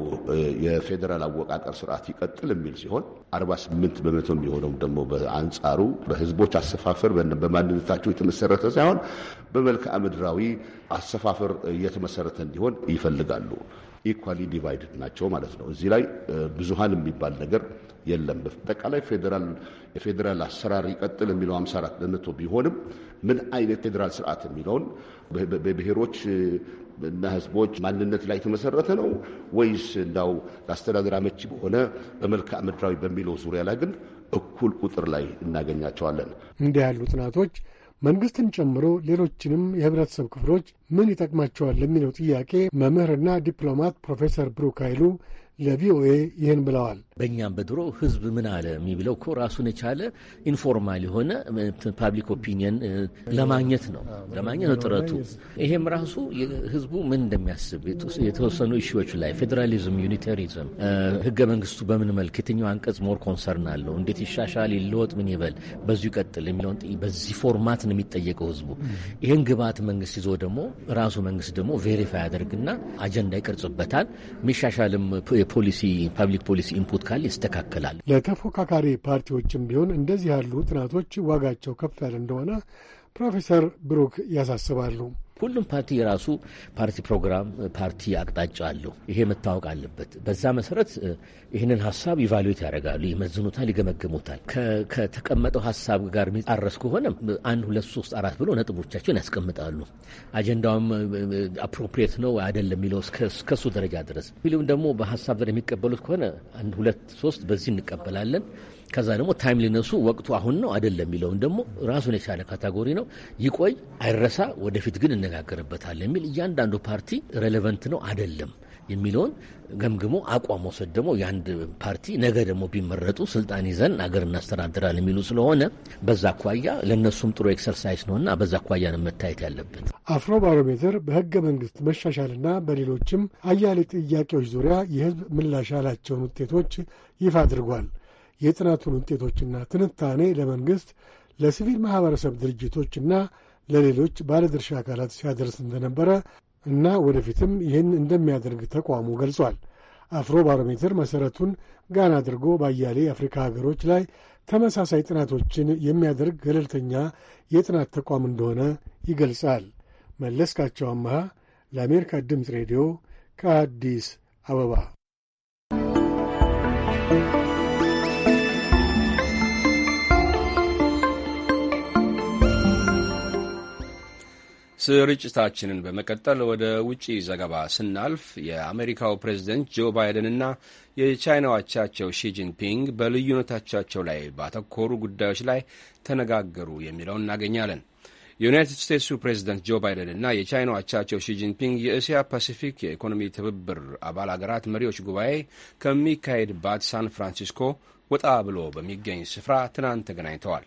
የፌዴራል አወቃቀር ስርዓት ይቀጥል የሚል ሲሆን 48 በመቶ የሚሆነው ደግሞ በአንጻሩ በህዝቦች አሰፋፈር በማንነታቸው የተመሰረተ ሳይሆን በመልክዓ ምድራዊ አሰፋፈር እየተመሰረተ እንዲሆን ይፈልጋሉ። ኢኳሊ ዲቫይድድ ናቸው ማለት ነው። እዚህ ላይ ብዙሃን የሚባል ነገር የለም። በጠቃላይ የፌዴራል አሰራር ይቀጥል የሚለው 54 በመቶ ቢሆንም ምን አይነት ፌዴራል ስርዓት የሚለውን በብሔሮች እና ህዝቦች ማንነት ላይ የተመሰረተ ነው ወይስ እንዳው ለአስተዳደር አመቺ በሆነ በመልክዓ ምድራዊ በሚለው ዙሪያ ላይ ግን እኩል ቁጥር ላይ እናገኛቸዋለን። እንዲህ ያሉ ጥናቶች መንግሥትን ጨምሮ ሌሎችንም የህብረተሰብ ክፍሎች ምን ይጠቅማቸዋል ለሚለው ጥያቄ መምህርና ዲፕሎማት ፕሮፌሰር ብሩክ ኃይሉ ለቪኦኤ ይህን ብለዋል። በእኛም በድሮ ህዝብ ምን አለ የሚብለው እኮ ራሱን የቻለ ኢንፎርማል የሆነ ፓብሊክ ኦፒኒየን ለማግኘት ነው ለማግኘት ነው ጥረቱ። ይሄም ራሱ ህዝቡ ምን እንደሚያስብ የተወሰኑ እሺዎች ላይ ፌዴራሊዝም፣ ዩኒታሪዝም፣ ህገ መንግስቱ በምን መልክ የትኛው አንቀጽ ሞር ኮንሰርን አለው እንዴት ይሻሻል ይለወጥ ምን ይበል በዚሁ ይቀጥል የሚለውን በዚህ ፎርማት ነው የሚጠየቀው ህዝቡ። ይህን ግብዓት መንግስት ይዞ ደግሞ ራሱ መንግስት ደግሞ ቬሪፋይ ያደርግና አጀንዳ ይቀርጽበታል የሚሻሻልም የፖሊሲ ፐብሊክ ፖሊሲ ኢንፑት ካለ ይስተካከላል። ለተፎካካሪ ፓርቲዎችም ቢሆን እንደዚህ ያሉ ጥናቶች ዋጋቸው ከፍ ያለ እንደሆነ ፕሮፌሰር ብሩክ ያሳስባሉ። ሁሉም ፓርቲ የራሱ ፓርቲ ፕሮግራም፣ ፓርቲ አቅጣጫ አለው። ይሄ መታወቅ አለበት። በዛ መሰረት ይህንን ሀሳብ ኢቫሉዌት ያደርጋሉ፣ ይመዝኑታል፣ ይገመግሙታል። ከተቀመጠው ሀሳብ ጋር የሚጣረስ ከሆነ አንድ ሁለት ሶስት አራት ብሎ ነጥቦቻቸውን ያስቀምጣሉ። አጀንዳውም አፕሮፕሪየት ነው አይደለም የሚለው እስከሱ ደረጃ ድረስ ፊልም ደግሞ በሀሳብ የሚቀበሉት ከሆነ አንድ ሁለት ሶስት በዚህ እንቀበላለን ከዛ ደግሞ ታይምሊነሱ ወቅቱ አሁን ነው አይደለም የሚለውን ደግሞ ራሱን የቻለ ካታጎሪ ነው። ይቆይ አይረሳ፣ ወደፊት ግን እነጋገርበታል የሚል እያንዳንዱ ፓርቲ ሬሌቨንት ነው አይደለም የሚለውን ገምግሞ አቋም መውሰድ ደግሞ የአንድ ፓርቲ ነገ ደግሞ ቢመረጡ ስልጣን ይዘን አገር እናስተዳድራል የሚሉ ስለሆነ በዛ አኳያ ለእነሱም ጥሩ ኤክሰርሳይዝ ነውና በዛ አኳያ ነው መታየት ያለበት። አፍሮ ባሮሜትር በህገ መንግስት መሻሻልና በሌሎችም አያሌ ጥያቄዎች ዙሪያ የህዝብ ምላሽ ያላቸውን ውጤቶች ይፋ አድርጓል። የጥናቱን ውጤቶችና ትንታኔ ለመንግሥት ለሲቪል ማኅበረሰብ ድርጅቶችና ለሌሎች ባለድርሻ አካላት ሲያደርስ እንደነበረ እና ወደፊትም ይህን እንደሚያደርግ ተቋሙ ገልጿል። አፍሮ ባሮሜትር መሠረቱን ጋና አድርጎ በአያሌ የአፍሪካ ሀገሮች ላይ ተመሳሳይ ጥናቶችን የሚያደርግ ገለልተኛ የጥናት ተቋም እንደሆነ ይገልጻል። መለስካቸው አመሃ ለአሜሪካ ድምፅ ሬዲዮ ከአዲስ አበባ ስርጭታችንን በመቀጠል ወደ ውጪ ዘገባ ስናልፍ የአሜሪካው ፕሬዚደንት ጆ ባይደንና የቻይናው አቻቸው ሺጂንፒንግ በልዩነቶቻቸው ላይ ባተኮሩ ጉዳዮች ላይ ተነጋገሩ የሚለውን እናገኛለን። የዩናይትድ ስቴትሱ ፕሬዝደንት ጆ እና የቻይናው አቻቸው ሺጂንፒንግ የእስያ ፓሲፊክ የኢኮኖሚ ትብብር አባል አገራት መሪዎች ጉባኤ ከሚካሄድባት ሳን ፍራንሲስኮ ወጣ ብሎ በሚገኝ ስፍራ ትናንት ተገናኝተዋል።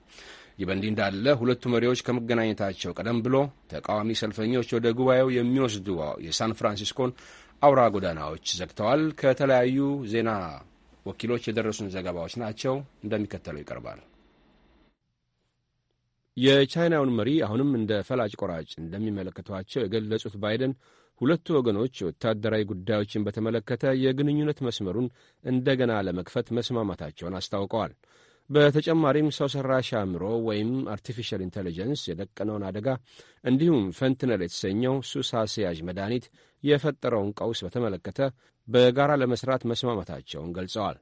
ይህ በእንዲህ እንዳለ ሁለቱ መሪዎች ከመገናኘታቸው ቀደም ብሎ ተቃዋሚ ሰልፈኞች ወደ ጉባኤው የሚወስዱ የሳን ፍራንሲስኮን አውራ ጎዳናዎች ዘግተዋል። ከተለያዩ ዜና ወኪሎች የደረሱን ዘገባዎች ናቸው፣ እንደሚከተለው ይቀርባል። የቻይናውን መሪ አሁንም እንደ ፈላጭ ቆራጭ እንደሚመለከቷቸው የገለጹት ባይደን ሁለቱ ወገኖች ወታደራዊ ጉዳዮችን በተመለከተ የግንኙነት መስመሩን እንደገና ለመክፈት መስማማታቸውን አስታውቀዋል። በተጨማሪም ሰው ሰራሽ አእምሮ ወይም አርቲፊሻል ኢንቴሊጀንስ የደቀነውን አደጋ እንዲሁም ፈንትነል የተሰኘው ሱስ አስያዥ መድኃኒት የፈጠረውን ቀውስ በተመለከተ በጋራ ለመስራት መስማማታቸውን ገልጸዋል።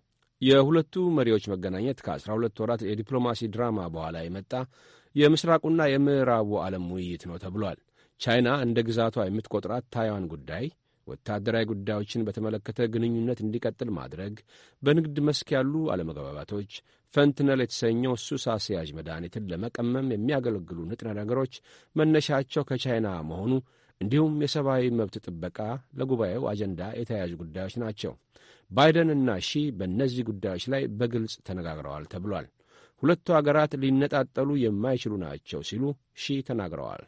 የሁለቱ መሪዎች መገናኘት ከአስራ ሁለት ወራት የዲፕሎማሲ ድራማ በኋላ የመጣ የምስራቁና የምዕራቡ ዓለም ውይይት ነው ተብሏል። ቻይና እንደ ግዛቷ የምትቆጥራት ታይዋን ጉዳይ ወታደራዊ ጉዳዮችን በተመለከተ ግንኙነት እንዲቀጥል ማድረግ፣ በንግድ መስክ ያሉ አለመግባባቶች፣ ፈንትነል የተሰኘው ሱስ አስያዥ መድኃኒትን ለመቀመም የሚያገለግሉ ንጥረ ነገሮች መነሻቸው ከቻይና መሆኑ እንዲሁም የሰብአዊ መብት ጥበቃ ለጉባኤው አጀንዳ የተያያዙ ጉዳዮች ናቸው። ባይደን እና ሺ በእነዚህ ጉዳዮች ላይ በግልጽ ተነጋግረዋል ተብሏል። ሁለቱ አገራት ሊነጣጠሉ የማይችሉ ናቸው ሲሉ ሺ ተናግረዋል።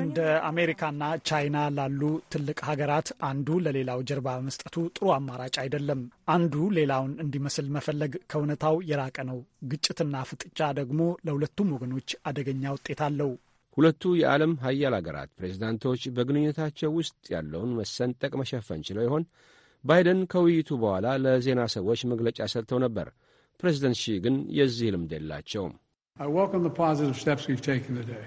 እንደ አሜሪካና ቻይና ላሉ ትልቅ ሀገራት አንዱ ለሌላው ጀርባ መስጠቱ ጥሩ አማራጭ አይደለም። አንዱ ሌላውን እንዲመስል መፈለግ ከእውነታው የራቀ ነው። ግጭትና ፍጥጫ ደግሞ ለሁለቱም ወገኖች አደገኛ ውጤት አለው። ሁለቱ የዓለም ሀያል ሀገራት ፕሬዚዳንቶች በግንኙነታቸው ውስጥ ያለውን መሰንጠቅ መሸፈን ችለው ይሆን? ባይደን ከውይይቱ በኋላ ለዜና ሰዎች መግለጫ ሰጥተው ነበር። ፕሬዚደንት ሺ ግን የዚህ ልምድ የላቸውም። I welcome the positive steps we've taken today.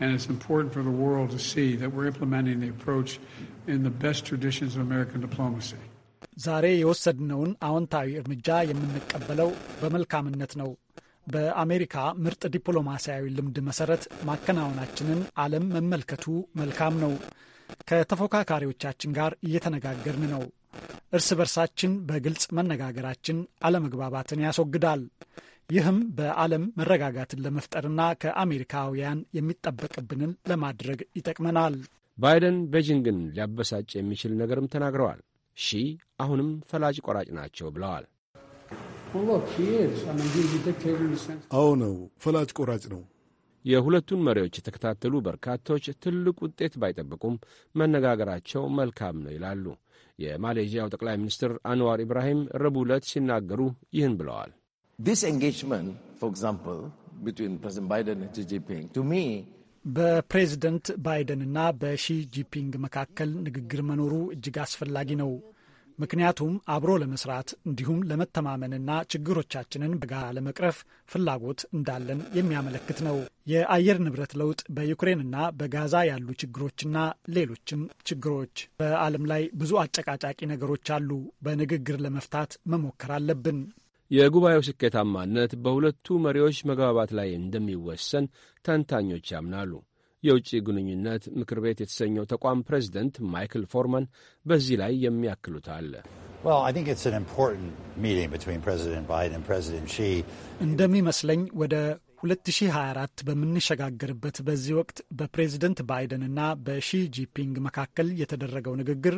And it's important for the world to see that we're implementing the approach in the best traditions of American diplomacy. ዛሬ የወሰድነውን አዎንታዊ እርምጃ የምንቀበለው በመልካምነት ነው። በአሜሪካ ምርጥ ዲፕሎማሲያዊ ልምድ መሰረት ማከናወናችንን ዓለም መመልከቱ መልካም ነው። ከተፎካካሪዎቻችን ጋር እየተነጋገርን ነው። እርስ በርሳችን በግልጽ መነጋገራችን አለመግባባትን ያስወግዳል። ይህም በዓለም መረጋጋትን ለመፍጠርና ከአሜሪካውያን የሚጠበቅብንን ለማድረግ ይጠቅመናል። ባይደን ቤጂንግን ሊያበሳጭ የሚችል ነገርም ተናግረዋል። ሺ አሁንም ፈላጭ ቆራጭ ናቸው ብለዋል። አዎ ነው፣ ፈላጭ ቆራጭ ነው። የሁለቱን መሪዎች የተከታተሉ በርካቶች ትልቅ ውጤት ባይጠብቁም መነጋገራቸው መልካም ነው ይላሉ። የማሌዥያው ጠቅላይ ሚኒስትር አንዋር ኢብራሂም ረቡዕ ዕለት ሲናገሩ ይህን ብለዋል። this engagement, for example, between President Biden and Xi Jinping, to me በፕሬዝደንት ባይደንና በሺ ጂፒንግ መካከል ንግግር መኖሩ እጅግ አስፈላጊ ነው። ምክንያቱም አብሮ ለመስራት እንዲሁም ለመተማመንና ችግሮቻችንን በጋራ ለመቅረፍ ፍላጎት እንዳለን የሚያመለክት ነው። የአየር ንብረት ለውጥ፣ በዩክሬንና በጋዛ ያሉ ችግሮችና ሌሎችም ችግሮች፣ በዓለም ላይ ብዙ አጨቃጫቂ ነገሮች አሉ። በንግግር ለመፍታት መሞከር አለብን። የጉባኤው ስኬታማነት በሁለቱ መሪዎች መግባባት ላይ እንደሚወሰን ተንታኞች ያምናሉ። የውጭ ግንኙነት ምክር ቤት የተሰኘው ተቋም ፕሬዚደንት ማይክል ፎርማን በዚህ ላይ የሚያክሉት አለ። እንደሚመስለኝ ወደ 2024 በምንሸጋገርበት በዚህ ወቅት በፕሬዝደንት ባይደንና በሺ ጂፒንግ መካከል የተደረገው ንግግር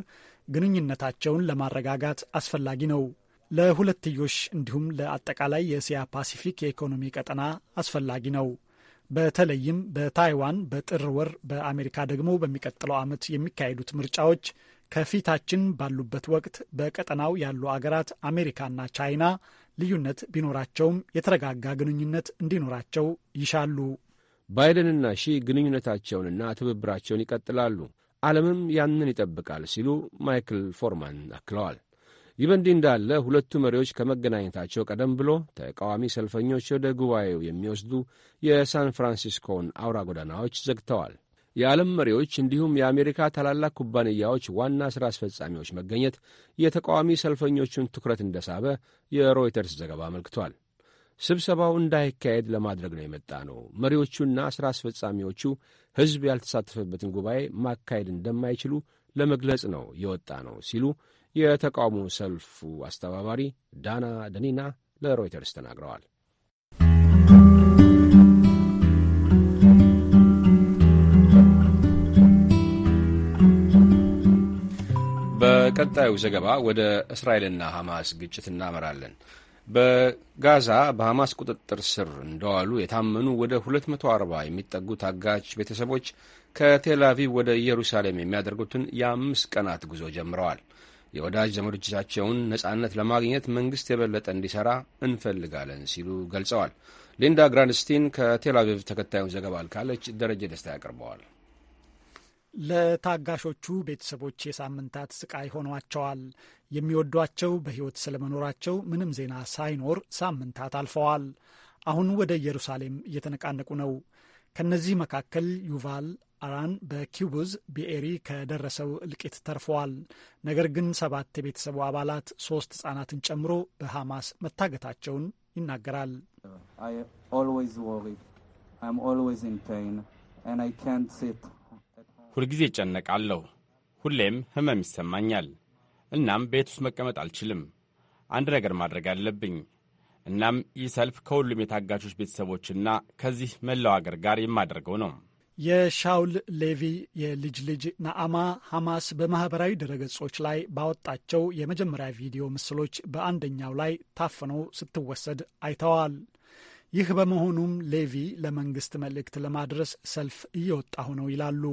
ግንኙነታቸውን ለማረጋጋት አስፈላጊ ነው። ለሁለትዮሽ እንዲሁም ለአጠቃላይ የእስያ ፓሲፊክ የኢኮኖሚ ቀጠና አስፈላጊ ነው። በተለይም በታይዋን በጥር ወር በአሜሪካ ደግሞ በሚቀጥለው ዓመት የሚካሄዱት ምርጫዎች ከፊታችን ባሉበት ወቅት በቀጠናው ያሉ አገራት አሜሪካና ቻይና ልዩነት ቢኖራቸውም የተረጋጋ ግንኙነት እንዲኖራቸው ይሻሉ። ባይደንና ሺ ግንኙነታቸውንና ትብብራቸውን ይቀጥላሉ፣ ዓለምም ያንን ይጠብቃል ሲሉ ማይክል ፎርማን አክለዋል። ይህ በእንዲህ እንዳለ ሁለቱ መሪዎች ከመገናኘታቸው ቀደም ብሎ ተቃዋሚ ሰልፈኞች ወደ ጉባኤው የሚወስዱ የሳን ፍራንሲስኮውን አውራ ጎዳናዎች ዘግተዋል። የዓለም መሪዎች እንዲሁም የአሜሪካ ታላላቅ ኩባንያዎች ዋና ሥራ አስፈጻሚዎች መገኘት የተቃዋሚ ሰልፈኞቹን ትኩረት እንደሳበ የሮይተርስ ዘገባ አመልክቷል። ስብሰባው እንዳይካሄድ ለማድረግ ነው የመጣ ነው። መሪዎቹና ሥራ አስፈጻሚዎቹ ሕዝብ ያልተሳተፈበትን ጉባኤ ማካሄድ እንደማይችሉ ለመግለጽ ነው የወጣ ነው ሲሉ የተቃውሞ ሰልፉ አስተባባሪ ዳና ደኒና ለሮይተርስ ተናግረዋል። በቀጣዩ ዘገባ ወደ እስራኤልና ሐማስ ግጭት እናመራለን። በጋዛ በሐማስ ቁጥጥር ስር እንደዋሉ የታመኑ ወደ 240 የሚጠጉ ታጋች ቤተሰቦች ከቴል አቪቭ ወደ ኢየሩሳሌም የሚያደርጉትን የአምስት ቀናት ጉዞ ጀምረዋል። የወዳጅ ዘመዶቻቸውን ነጻነት ለማግኘት መንግሥት የበለጠ እንዲሠራ እንፈልጋለን ሲሉ ገልጸዋል። ሊንዳ ግራንድስቲን ከቴል ተከታዩ ተከታዩን ዘገባ አልካለች። ደረጀ ደስታ ያቀርበዋል። ለታጋሾቹ ቤተሰቦች የሳምንታት ስቃይ ሆኗቸዋል። የሚወዷቸው በሕይወት ስለመኖራቸው ምንም ዜና ሳይኖር ሳምንታት አልፈዋል። አሁን ወደ ኢየሩሳሌም እየተነቃነቁ ነው። ከእነዚህ መካከል ዩቫል አራን በኪቡዝ ቢኤሪ ከደረሰው እልቂት ተርፈዋል። ነገር ግን ሰባት የቤተሰቡ አባላት ሶስት ህጻናትን ጨምሮ በሐማስ መታገታቸውን ይናገራል። ሁልጊዜ እጨነቃለሁ። ሁሌም ህመም ይሰማኛል። እናም ቤት ውስጥ መቀመጥ አልችልም። አንድ ነገር ማድረግ አለብኝ። እናም ይህ ሰልፍ ከሁሉም የታጋቾች ቤተሰቦችና ከዚህ መላው አገር ጋር የማደርገው ነው። የሻውል ሌቪ የልጅ ልጅ ናአማ ሐማስ በማህበራዊ ድረገጾች ላይ ባወጣቸው የመጀመሪያ ቪዲዮ ምስሎች በአንደኛው ላይ ታፍነው ስትወሰድ አይተዋል። ይህ በመሆኑም ሌቪ ለመንግስት መልእክት ለማድረስ ሰልፍ እየወጣሁ ነው ይላሉ።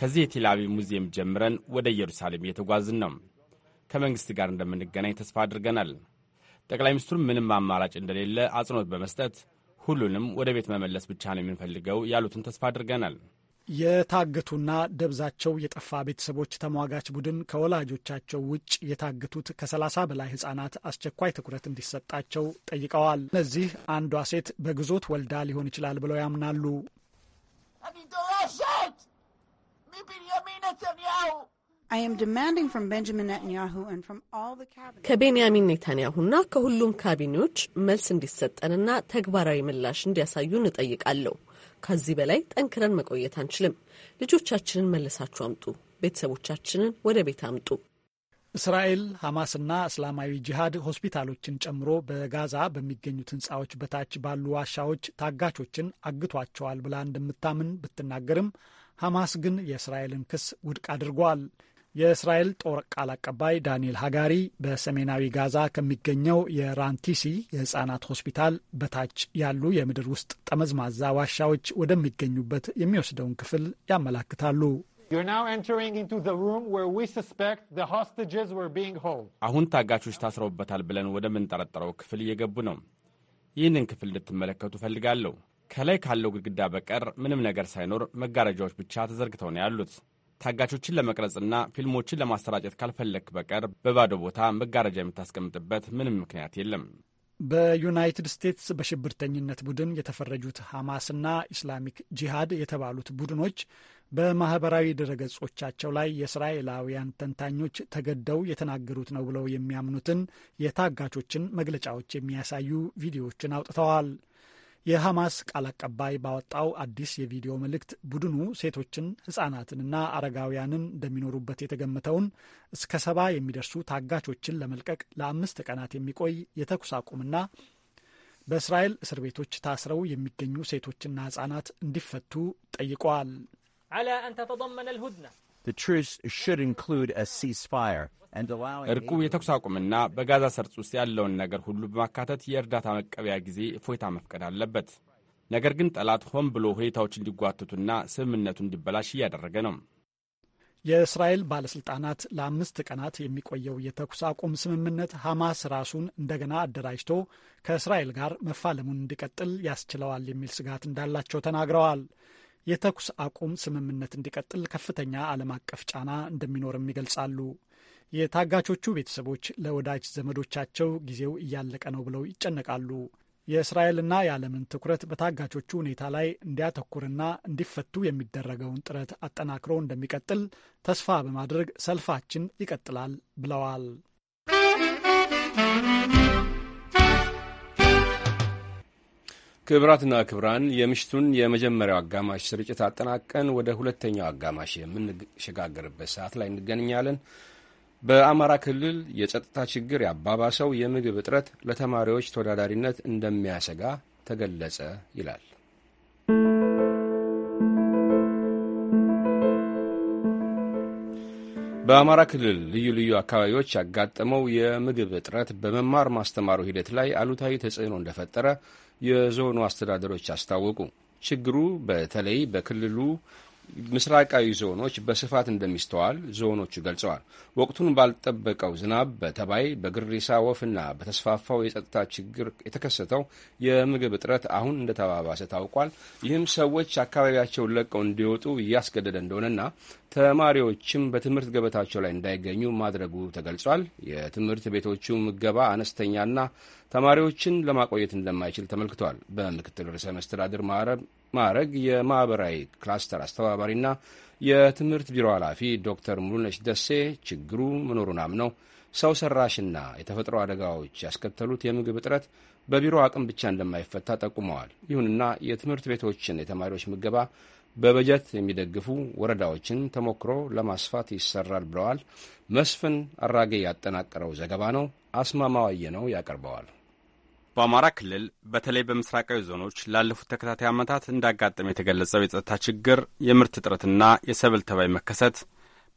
ከዚህ የቴልአቪቭ ሙዚየም ጀምረን ወደ ኢየሩሳሌም እየተጓዝን ነው። ከመንግስት ጋር እንደምንገናኝ ተስፋ አድርገናል። ጠቅላይ ሚኒስትሩም ምንም አማራጭ እንደሌለ አጽንኦት በመስጠት ሁሉንም ወደ ቤት መመለስ ብቻ ነው የምንፈልገው ያሉትን ተስፋ አድርገናል። የታገቱና ደብዛቸው የጠፋ ቤተሰቦች ተሟጋች ቡድን ከወላጆቻቸው ውጭ የታገቱት ከ30 በላይ ህጻናት አስቸኳይ ትኩረት እንዲሰጣቸው ጠይቀዋል። እነዚህ አንዷ ሴት በግዞት ወልዳ ሊሆን ይችላል ብለው ያምናሉ። ከቤንያሚን ኔታንያሁና ከሁሉም ካቢኔዎች መልስ እንዲሰጠንና ተግባራዊ ምላሽ እንዲያሳዩ እንጠይቃለሁ ከዚህ በላይ ጠንክረን መቆየት አንችልም። ልጆቻችንን መልሳችሁ አምጡ፣ ቤተሰቦቻችንን ወደ ቤት አምጡ። እስራኤል ሐማስና እስላማዊ ጂሃድ ሆስፒታሎችን ጨምሮ በጋዛ በሚገኙት ህንፃዎች በታች ባሉ ዋሻዎች ታጋቾችን አግቷቸዋል ብላ እንደምታምን ብትናገርም ሐማስ ግን የእስራኤልን ክስ ውድቅ አድርጓል። የእስራኤል ጦር ቃል አቀባይ ዳንኤል ሀጋሪ በሰሜናዊ ጋዛ ከሚገኘው የራንቲሲ የህጻናት ሆስፒታል በታች ያሉ የምድር ውስጥ ጠመዝማዛ ዋሻዎች ወደሚገኙበት የሚወስደውን ክፍል ያመላክታሉ። አሁን ታጋቾች ታስረውበታል ብለን ወደምንጠረጠረው ክፍል እየገቡ ነው። ይህንን ክፍል እንድትመለከቱ እፈልጋለሁ። ከላይ ካለው ግድግዳ በቀር ምንም ነገር ሳይኖር መጋረጃዎች ብቻ ተዘርግተው ነው ያሉት። ታጋቾችን ለመቅረጽና ፊልሞችን ለማሰራጨት ካልፈለግክ በቀር በባዶ ቦታ መጋረጃ የምታስቀምጥበት ምንም ምክንያት የለም። በዩናይትድ ስቴትስ በሽብርተኝነት ቡድን የተፈረጁት ሐማስና ኢስላሚክ ጂሃድ የተባሉት ቡድኖች በማህበራዊ ድረገጾቻቸው ላይ የእስራኤላውያን ተንታኞች ተገደው የተናገሩት ነው ብለው የሚያምኑትን የታጋቾችን መግለጫዎች የሚያሳዩ ቪዲዮዎችን አውጥተዋል። የሐማስ ቃል አቀባይ ባወጣው አዲስ የቪዲዮ መልእክት ቡድኑ ሴቶችን፣ ህጻናትንና አረጋውያንን እንደሚኖሩበት የተገመተውን እስከ ሰባ የሚደርሱ ታጋቾችን ለመልቀቅ ለአምስት ቀናት የሚቆይ የተኩስ አቁምና በእስራኤል እስር ቤቶች ታስረው የሚገኙ ሴቶችና ህጻናት እንዲፈቱ ጠይቋል። አላ أن تتضمن The truce should include a ceasefire. እርቁ የተኩስ አቁምና በጋዛ ሰርጽ ውስጥ ያለውን ነገር ሁሉ በማካተት የእርዳታ መቀበያ ጊዜ እፎይታ መፍቀድ አለበት። ነገር ግን ጠላት ሆን ብሎ ሁኔታዎች እንዲጓትቱና ስምምነቱ እንዲበላሽ እያደረገ ነው። የእስራኤል ባለስልጣናት ለአምስት ቀናት የሚቆየው የተኩስ አቁም ስምምነት ሐማስ ራሱን እንደገና አደራጅቶ ከእስራኤል ጋር መፋለሙን እንዲቀጥል ያስችለዋል የሚል ስጋት እንዳላቸው ተናግረዋል። የተኩስ አቁም ስምምነት እንዲቀጥል ከፍተኛ ዓለም አቀፍ ጫና እንደሚኖርም ይገልጻሉ። የታጋቾቹ ቤተሰቦች ለወዳጅ ዘመዶቻቸው ጊዜው እያለቀ ነው ብለው ይጨነቃሉ። የእስራኤልና የዓለምን ትኩረት በታጋቾቹ ሁኔታ ላይ እንዲያተኩርና እንዲፈቱ የሚደረገውን ጥረት አጠናክሮ እንደሚቀጥል ተስፋ በማድረግ ሰልፋችን ይቀጥላል ብለዋል። ክብራትና ክብራን የምሽቱን የመጀመሪያው አጋማሽ ስርጭት አጠናቀን ወደ ሁለተኛው አጋማሽ የምንሸጋገርበት ሰዓት ላይ እንገናኛለን። በአማራ ክልል የጸጥታ ችግር ያባባሰው የምግብ እጥረት ለተማሪዎች ተወዳዳሪነት እንደሚያሰጋ ተገለጸ ይላል። በአማራ ክልል ልዩ ልዩ አካባቢዎች ያጋጠመው የምግብ እጥረት በመማር ማስተማሩ ሂደት ላይ አሉታዊ ተጽዕኖ እንደፈጠረ የዞኑ አስተዳደሮች አስታወቁ። ችግሩ በተለይ በክልሉ ምስራቃዊ ዞኖች በስፋት እንደሚስተዋል ዞኖቹ ገልጸዋል። ወቅቱን ባልጠበቀው ዝናብ በተባይ በግሪሳ ወፍና በተስፋፋው የጸጥታ ችግር የተከሰተው የምግብ እጥረት አሁን እንደተባባሰ ታውቋል። ይህም ሰዎች አካባቢያቸውን ለቀው እንዲወጡ እያስገደደ እንደሆነና ተማሪዎችም በትምህርት ገበታቸው ላይ እንዳይገኙ ማድረጉ ተገልጿል። የትምህርት ቤቶቹ ምገባ አነስተኛና ተማሪዎችን ለማቆየት እንደማይችል ተመልክቷል። በምክትል ርዕሰ መስተዳድር ማዕረግ ማዕረግ የማኅበራዊ ክላስተር አስተባባሪና የትምህርት ቢሮ ኃላፊ ዶክተር ሙሉነሽ ደሴ ችግሩ መኖሩን አምነው ሰው ሰራሽና የተፈጥሮ አደጋዎች ያስከተሉት የምግብ እጥረት በቢሮ አቅም ብቻ እንደማይፈታ ጠቁመዋል። ይሁንና የትምህርት ቤቶችን የተማሪዎች ምገባ በበጀት የሚደግፉ ወረዳዎችን ተሞክሮ ለማስፋት ይሰራል ብለዋል። መስፍን አራጌ ያጠናቀረው ዘገባ ነው። አስማማዋየ ነው ያቀርበዋል። በአማራ ክልል በተለይ በምስራቃዊ ዞኖች ላለፉት ተከታታይ ዓመታት እንዳጋጠመ የተገለጸው የጸጥታ ችግር፣ የምርት እጥረትና የሰብል ተባይ መከሰት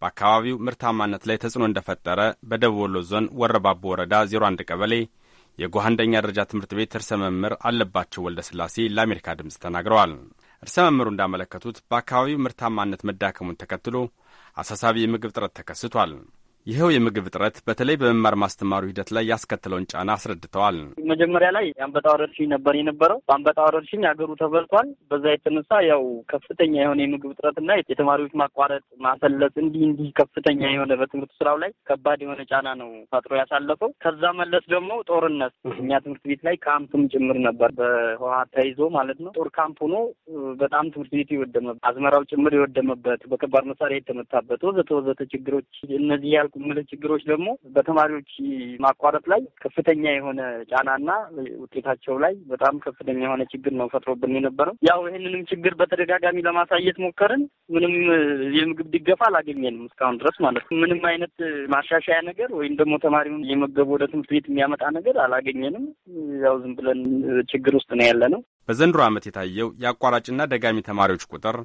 በአካባቢው ምርታማነት ላይ ተጽዕኖ እንደፈጠረ በደቡብ ወሎ ዞን ወረባቦ ወረዳ 01 ቀበሌ የጎህ አንደኛ ደረጃ ትምህርት ቤት እርሰ መምህር አለባቸው ወልደ ስላሴ ለአሜሪካ ድምፅ ተናግረዋል። እርሰ መምህሩ እንዳመለከቱት በአካባቢው ምርታማነት መዳከሙን ተከትሎ አሳሳቢ የምግብ እጥረት ተከስቷል። ይኸው የምግብ እጥረት በተለይ በመማር ማስተማሩ ሂደት ላይ ያስከተለውን ጫና አስረድተዋል። መጀመሪያ ላይ የአንበጣ ወረርሽኝ ነበር የነበረው። በአንበጣ ወረርሽኝ ሀገሩ ተበልቷል። በዛ የተነሳ ያው ከፍተኛ የሆነ የምግብ እጥረትና የተማሪዎች ማቋረጥ፣ ማሰለስ እንዲህ እንዲህ ከፍተኛ የሆነ በትምህርት ስራው ላይ ከባድ የሆነ ጫና ነው ፈጥሮ ያሳለፈው። ከዛ መለስ ደግሞ ጦርነት፣ እኛ ትምህርት ቤት ላይ ካምፕም ጭምር ነበር በህወሓት ተይዞ ማለት ነው። ጦር ካምፕ ሆኖ በጣም ትምህርት ቤቱ የወደመበት፣ አዝመራው ጭምር የወደመበት፣ በከባድ መሳሪያ የተመታበት ወዘተ ወዘተ ችግሮች እነዚህ ያል ትልቁ ምልህ ችግሮች ደግሞ በተማሪዎች ማቋረጥ ላይ ከፍተኛ የሆነ ጫናና ውጤታቸው ላይ በጣም ከፍተኛ የሆነ ችግር ነው ፈጥሮብን የነበረው። ያው ይህንንም ችግር በተደጋጋሚ ለማሳየት ሞከርን። ምንም የምግብ ድገፋ አላገኘንም እስካሁን ድረስ ማለት ነው። ምንም አይነት ማሻሻያ ነገር ወይም ደግሞ ተማሪውን የመገቡ ወደ ትምህርት ቤት የሚያመጣ ነገር አላገኘንም። ያው ዝም ብለን ችግር ውስጥ ነው ያለ ነው። በዘንድሮ ዓመት የታየው የአቋራጭና ደጋሚ ተማሪዎች ቁጥር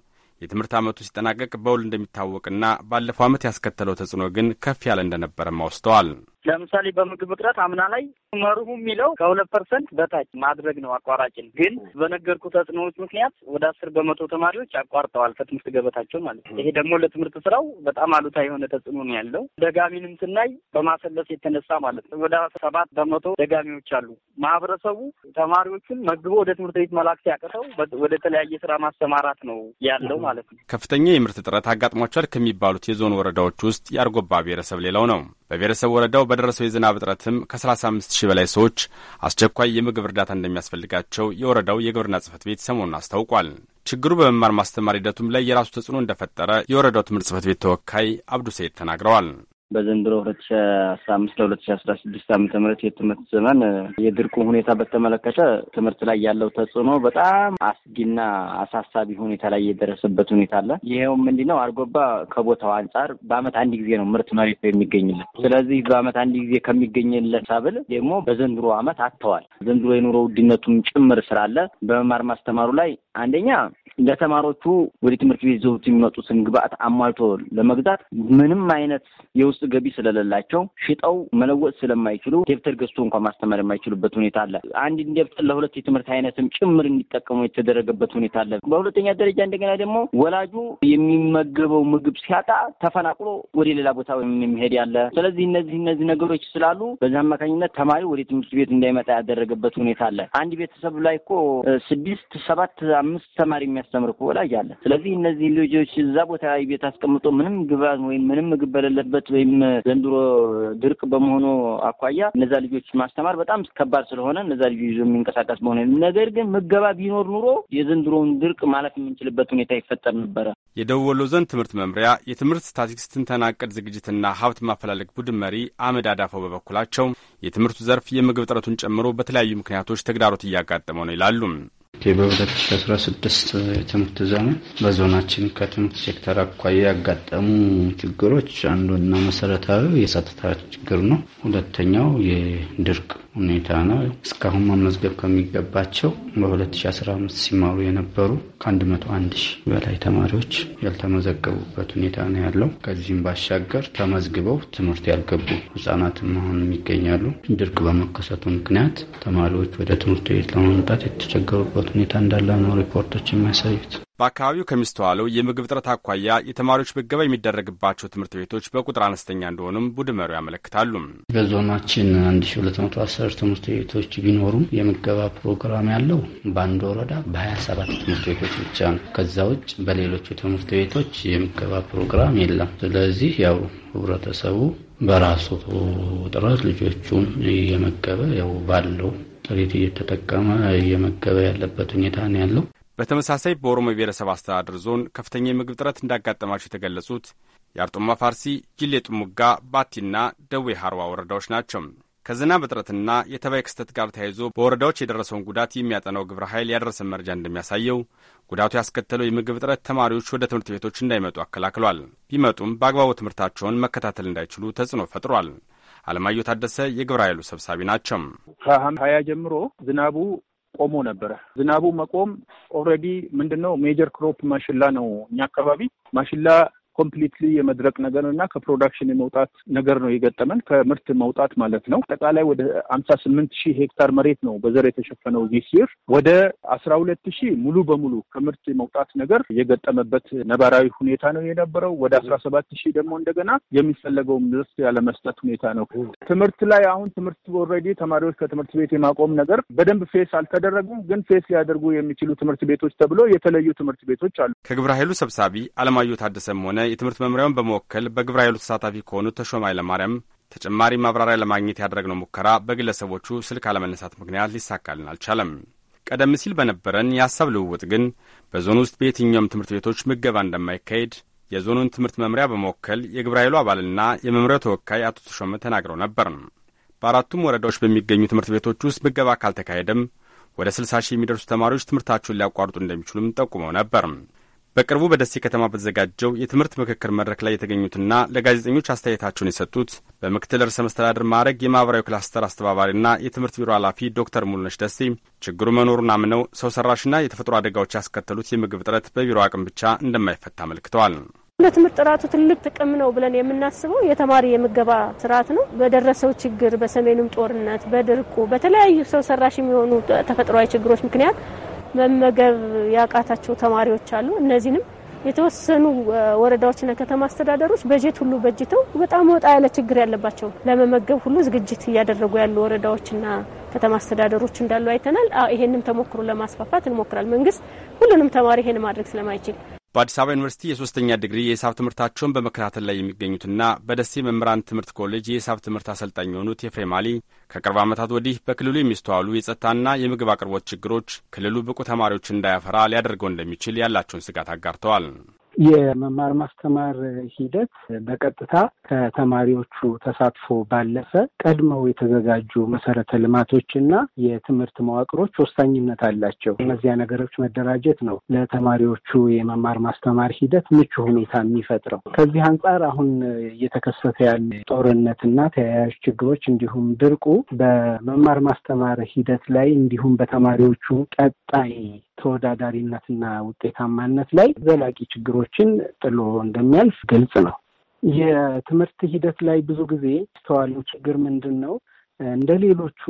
የትምህርት ዓመቱ ሲጠናቀቅ በውል እንደሚታወቅና ባለፈው ዓመት ያስከተለው ተጽዕኖ ግን ከፍ ያለ እንደነበረም አውስተዋል። ለምሳሌ በምግብ እጥረት አምና ላይ መርሁ የሚለው ከሁለት ፐርሰንት በታች ማድረግ ነው አቋራጭን። ግን በነገርኩ ተጽዕኖዎች ምክንያት ወደ አስር በመቶ ተማሪዎች አቋርጠዋል ከትምህርት ገበታቸው ማለት ነው። ይሄ ደግሞ ለትምህርት ስራው በጣም አሉታ የሆነ ተጽዕኖ ነው ያለው። ደጋሚንም ስናይ በማሰለስ የተነሳ ማለት ነው ወደ ሰባት በመቶ ደጋሚዎች አሉ። ማህበረሰቡ ተማሪዎቹን መግቦ ወደ ትምህርት ቤት መላክ ሲያቅተው ወደ ተለያየ ስራ ማሰማራት ነው ያለው ማለት ነው። ከፍተኛ የምርት እጥረት አጋጥሟቸዋል ከሚባሉት የዞን ወረዳዎች ውስጥ የአርጎባ ብሔረሰብ ሌላው ነው። በብሔረሰብ ወረዳው በደረሰው የዝናብ እጥረትም ከ35 ሺ ሺህ በላይ ሰዎች አስቸኳይ የምግብ እርዳታ እንደሚያስፈልጋቸው የወረዳው የግብርና ጽህፈት ቤት ሰሞኑን አስታውቋል። ችግሩ በመማር ማስተማር ሂደቱም ላይ የራሱ ተጽዕኖ እንደፈጠረ የወረዳው ትምህርት ጽፈት ቤት ተወካይ አብዱ ሰይድ ተናግረዋል። በዘንድሮ ሁለት ሺ አስራ አምስት ለሁለት ሺ አስራ ስድስት ዓመተ ምህረት የትምህርት ዘመን የድርቁ ሁኔታ በተመለከተ ትምህርት ላይ ያለው ተጽዕኖ በጣም አስጊና አሳሳቢ ሁኔታ ላይ የደረሰበት ሁኔታ አለ። ይኸውም ምንድን ነው? አርጎባ ከቦታው አንጻር በአመት አንድ ጊዜ ነው ምርት መሬት የሚገኝለት። ስለዚህ በአመት አንድ ጊዜ ከሚገኝለት ሰብል ደግሞ በዘንድሮ ዓመት አጥተዋል። ዘንድሮ የኑሮ ውድነቱም ጭምር ስላለ በመማር ማስተማሩ ላይ አንደኛ ለተማሪዎቹ ወደ ትምህርት ቤት ዘውት የሚመጡትን ግብአት አሟልቶ ለመግዛት ምንም አይነት የው ውስጥ ገቢ ስለሌላቸው ሽጠው መለወጥ ስለማይችሉ ደብተር ገዝቶ እንኳ ማስተማር የማይችሉበት ሁኔታ አለ። አንድ ደብተር ለሁለት የትምህርት አይነትም ጭምር እንዲጠቀሙ የተደረገበት ሁኔታ አለ። በሁለተኛ ደረጃ እንደገና ደግሞ ወላጁ የሚመገበው ምግብ ሲያጣ ተፈናቅሎ ወደ ሌላ ቦታ የሚሄድ ያለ። ስለዚህ እነዚህ እነዚህ ነገሮች ስላሉ በዚህ አማካኝነት ተማሪ ወደ ትምህርት ቤት እንዳይመጣ ያደረገበት ሁኔታ አለ። አንድ ቤተሰብ ላይ እኮ ስድስት ሰባት አምስት ተማሪ የሚያስተምር እኮ ወላጅ አለ። ስለዚህ እነዚህ ልጆች እዛ ቦታ ቤት አስቀምጦ ምንም ግባ ወይም ምንም ምግብ በሌለበት ወይም ወይም ዘንድሮ ድርቅ በመሆኑ አኳያ እነዛ ልጆች ማስተማር በጣም ከባድ ስለሆነ እነዛ ልጆች ይዞ የሚንቀሳቀስ በሆነ ነገር ግን ምገባ ቢኖር ኑሮ የዘንድሮውን ድርቅ ማለፍ የምንችልበት ሁኔታ ይፈጠር ነበረ። የደቡብ ወሎ ዞን ትምህርት መምሪያ የትምህርት ስታቲስቲክስ ትንተና እቅድ ዝግጅትና ሀብት ማፈላለግ ቡድን መሪ አመድ አዳፈው በበኩላቸው የትምህርቱ ዘርፍ የምግብ እጥረቱን ጨምሮ በተለያዩ ምክንያቶች ተግዳሮት እያጋጠመው ነው ይላሉ። በ2016 የትምህርት ዘመን በዞናችን ከትምህርት ሴክተር አኳያ ያጋጠሙ ችግሮች አንዱና መሰረታዊ የጸጥታ ችግር ነው። ሁለተኛው የድርቅ ሁኔታ ነው። እስካሁን መመዝገብ ከሚገባቸው በ2015 ሲማሩ የነበሩ ከ101 ሺህ በላይ ተማሪዎች ያልተመዘገቡበት ሁኔታ ነው ያለው። ከዚህም ባሻገር ተመዝግበው ትምህርት ያልገቡ ህጻናትም አሁንም ይገኛሉ። ድርቅ በመከሰቱ ምክንያት ተማሪዎች ወደ ትምህርት ቤት ለመምጣት የተቸገሩበት ሁኔታ እንዳለ ነው ሪፖርቶች የሚያሳዩት። በአካባቢው ከሚስተዋለው የምግብ እጥረት አኳያ የተማሪዎች ምገባ የሚደረግባቸው ትምህርት ቤቶች በቁጥር አነስተኛ እንደሆኑም ቡድን መሪው ያመለክታሉ። በዞናችን 1210 ትምህርት ቤቶች ቢኖሩም የምገባ ፕሮግራም ያለው በአንድ ወረዳ በ27 ትምህርት ቤቶች ብቻ ነው። ከዛ ውጭ በሌሎቹ ትምህርት ቤቶች የምገባ ፕሮግራም የለም። ስለዚህ ያው ህብረተሰቡ በራሱ ጥረት ልጆቹን እየመገበ ያው ባለው ጥሪት እየተጠቀመ እየመገበ ያለበት ሁኔታ ነው ያለው። በተመሳሳይ በኦሮሞ ብሔረሰብ አስተዳደር ዞን ከፍተኛ የምግብ ጥረት እንዳጋጠማቸው የተገለጹት የአርጦማ ፋርሲ፣ ጅሌ ጥሙጋ፣ ባቲና ደዌ ሀርዋ ወረዳዎች ናቸው። ከዝናብ እጥረትና የተባይ ክስተት ጋር ተያይዞ በወረዳዎች የደረሰውን ጉዳት የሚያጠናው ግብረ ኃይል ያደረሰን መረጃ እንደሚያሳየው ጉዳቱ ያስከተለው የምግብ እጥረት ተማሪዎች ወደ ትምህርት ቤቶች እንዳይመጡ አከላክሏል። ቢመጡም በአግባቡ ትምህርታቸውን መከታተል እንዳይችሉ ተጽዕኖ ፈጥሯል። አለማየሁ ታደሰ የግብረ ኃይሉ ሰብሳቢ ናቸው። ከሀያ ጀምሮ ዝናቡ ቆሞ ነበረ። ዝናቡ መቆም ኦልሬዲ ምንድን ነው ሜጀር ክሮፕ ማሽላ ነው። እኛ አካባቢ ማሽላ ኮምፕሊትሊ የመድረቅ ነገር እና ከፕሮዳክሽን የመውጣት ነገር ነው የገጠመን፣ ከምርት መውጣት ማለት ነው። አጠቃላይ ወደ ሀምሳ ስምንት ሺህ ሄክታር መሬት ነው በዘር የተሸፈነው ዚህ ወደ አስራ ሁለት ሺህ ሙሉ በሙሉ ከምርት የመውጣት ነገር የገጠመበት ነባራዊ ሁኔታ ነው የነበረው። ወደ አስራ ሰባት ሺህ ደግሞ እንደገና የሚፈለገው ምርት ያለመስጠት ሁኔታ ነው። ትምህርት ላይ አሁን ትምህርት ኦልሬዲ ተማሪዎች ከትምህርት ቤት የማቆም ነገር በደንብ ፌስ አልተደረጉም፣ ግን ፌስ ሊያደርጉ የሚችሉ ትምህርት ቤቶች ተብሎ የተለዩ ትምህርት ቤቶች አሉ። ከግብረ ኃይሉ ሰብሳቢ አለማየሁ ታደሰም ሆነ የትምህርት መምሪያውን በመወከል በግብረ ኃይሉ ተሳታፊ ከሆኑ ተሾመ ኃይለማርያም ተጨማሪ ማብራሪያ ለማግኘት ያደረግነው ሙከራ በግለሰቦቹ ስልክ አለመነሳት ምክንያት ሊሳካልን አልቻለም። ቀደም ሲል በነበረን የሀሳብ ልውውጥ ግን በዞን ውስጥ በየትኛውም ትምህርት ቤቶች ምገባ እንደማይካሄድ የዞኑን ትምህርት መምሪያ በመወከል የግብረ ኃይሉ አባልና የመምሪያው ተወካይ አቶ ተሾመ ተናግረው ነበር። በአራቱም ወረዳዎች በሚገኙ ትምህርት ቤቶች ውስጥ ምገባ ካልተካሄደም ወደ 60 ሺህ የሚደርሱ ተማሪዎች ትምህርታቸውን ሊያቋርጡ እንደሚችሉም ጠቁመው ነበር። በቅርቡ በደሴ ከተማ በተዘጋጀው የትምህርት ምክክር መድረክ ላይ የተገኙትና ለጋዜጠኞች አስተያየታቸውን የሰጡት በምክትል ርዕሰ መስተዳድር ማዕረግ የማኅበራዊ ክላስተር አስተባባሪና የትምህርት ቢሮ ኃላፊ ዶክተር ሙሉነሽ ደሴ ችግሩ መኖሩን አምነው ሰው ሰራሽና የተፈጥሮ አደጋዎች ያስከተሉት የምግብ እጥረት በቢሮ አቅም ብቻ እንደማይፈታ አመልክተዋል። ለትምህርት ጥራቱ ትልቅ ጥቅም ነው ብለን የምናስበው የተማሪ የምገባ ስርዓት ነው። በደረሰው ችግር፣ በሰሜኑም ጦርነት፣ በድርቁ፣ በተለያዩ ሰው ሰራሽ የሚሆኑ ተፈጥሯዊ ችግሮች ምክንያት መመገብ ያቃታቸው ተማሪዎች አሉ። እነዚህንም የተወሰኑ ወረዳዎችና ከተማ አስተዳደሮች በጀት ሁሉ በጅተው በጣም ወጣ ያለ ችግር ያለባቸው ለመመገብ ሁሉ ዝግጅት እያደረጉ ያሉ ወረዳዎችና ከተማ አስተዳደሮች እንዳሉ አይተናል። ይሄንም ተሞክሮ ለማስፋፋት እንሞክራል። መንግስት ሁሉንም ተማሪ ይሄን ማድረግ ስለማይችል በአዲስ አበባ ዩኒቨርሲቲ የሶስተኛ ዲግሪ የሂሳብ ትምህርታቸውን በመከታተል ላይ የሚገኙትና በደሴ መምህራን ትምህርት ኮሌጅ የሂሳብ ትምህርት አሰልጣኝ የሆኑት የፍሬም አሊ ከቅርብ ዓመታት ወዲህ በክልሉ የሚስተዋሉ የጸጥታና የምግብ አቅርቦት ችግሮች ክልሉ ብቁ ተማሪዎች እንዳያፈራ ሊያደርገው እንደሚችል ያላቸውን ስጋት አጋርተዋል። የመማር ማስተማር ሂደት በቀጥታ ከተማሪዎቹ ተሳትፎ ባለፈ ቀድመው የተዘጋጁ መሰረተ ልማቶችና የትምህርት መዋቅሮች ወሳኝነት አላቸው። እነዚያ ነገሮች መደራጀት ነው ለተማሪዎቹ የመማር ማስተማር ሂደት ምቹ ሁኔታ የሚፈጥረው። ከዚህ አንጻር አሁን እየተከሰተ ያለ ጦርነትና ተያያዥ ችግሮች እንዲሁም ድርቁ በመማር ማስተማር ሂደት ላይ እንዲሁም በተማሪዎቹ ቀጣይ ተወዳዳሪነትና ውጤታማነት ላይ ዘላቂ ችግሮችን ጥሎ እንደሚያልፍ ግልጽ ነው። የትምህርት ሂደት ላይ ብዙ ጊዜ የሚስተዋለው ችግር ምንድን ነው? እንደ ሌሎቹ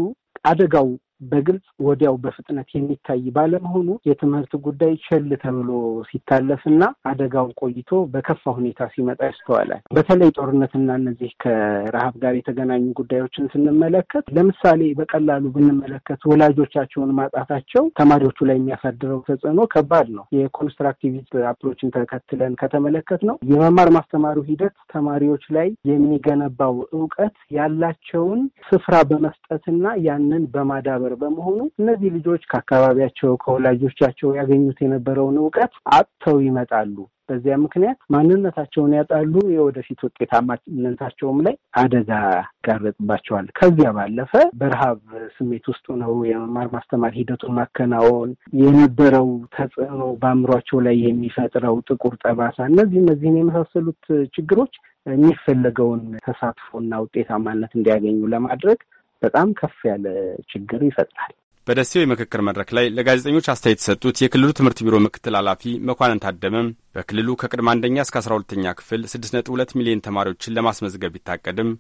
አደጋው በግልጽ ወዲያው በፍጥነት የሚታይ ባለመሆኑ የትምህርት ጉዳይ ቸል ተብሎ ሲታለፍና አደጋው ቆይቶ በከፋ ሁኔታ ሲመጣ ይስተዋላል። በተለይ ጦርነትና እነዚህ ከረሃብ ጋር የተገናኙ ጉዳዮችን ስንመለከት ለምሳሌ በቀላሉ ብንመለከት ወላጆቻቸውን ማጣታቸው ተማሪዎቹ ላይ የሚያሳድረው ተጽዕኖ ከባድ ነው። የኮንስትራክቲቪስት አፕሮችን ተከትለን ከተመለከት ነው የመማር ማስተማሩ ሂደት ተማሪዎች ላይ የሚገነባው እውቀት ያላቸውን ስፍራ በመስጠትና ያንን በማዳበ ማህበር በመሆኑ እነዚህ ልጆች ከአካባቢያቸው ከወላጆቻቸው ያገኙት የነበረውን እውቀት አጥተው ይመጣሉ። በዚያ ምክንያት ማንነታቸውን ያጣሉ። የወደፊት ውጤታማነታቸውም ላይ አደጋ ይጋረጥባቸዋል። ከዚያ ባለፈ በረሃብ ስሜት ውስጥ ነው የመማር ማስተማር ሂደቱን ማከናወን የነበረው ተጽዕኖ በአእምሯቸው ላይ የሚፈጥረው ጥቁር ጠባሳ፣ እነዚህ እነዚህን የመሳሰሉት ችግሮች የሚፈለገውን ተሳትፎና ውጤታማነት እንዲያገኙ ለማድረግ በጣም ከፍ ያለ ችግር ይፈጥራል። በደሴው የምክክር መድረክ ላይ ለጋዜጠኞች አስተያየት የሰጡት የክልሉ ትምህርት ቢሮ ምክትል ኃላፊ መኳንን ታደመም በክልሉ ከቅድመ አንደኛ እስከ አስራ ሁለተኛ ክፍል ስድስት ነጥብ ሁለት ሚሊዮን ተማሪዎችን ለማስመዝገብ ቢታቀድም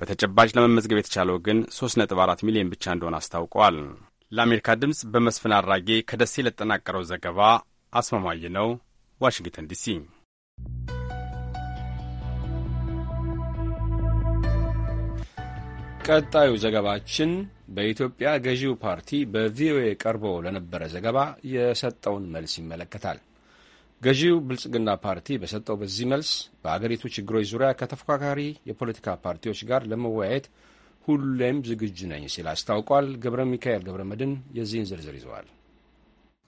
በተጨባጭ ለመመዝገብ የተቻለው ግን ሶስት ነጥብ አራት ሚሊዮን ብቻ እንደሆነ አስታውቀዋል። ለአሜሪካ ድምፅ በመስፍን አራጌ ከደሴ ለተጠናቀረው ዘገባ አስማማኝ ነው፣ ዋሽንግተን ዲሲ ቀጣዩ ዘገባችን በኢትዮጵያ ገዢው ፓርቲ በቪኦኤ ቀርቦ ለነበረ ዘገባ የሰጠውን መልስ ይመለከታል። ገዢው ብልጽግና ፓርቲ በሰጠው በዚህ መልስ በአገሪቱ ችግሮች ዙሪያ ከተፎካካሪ የፖለቲካ ፓርቲዎች ጋር ለመወያየት ሁሌም ዝግጁ ነኝ ሲል አስታውቋል። ገብረ ሚካኤል ገብረ መድን የዚህን ዝርዝር ይዘዋል።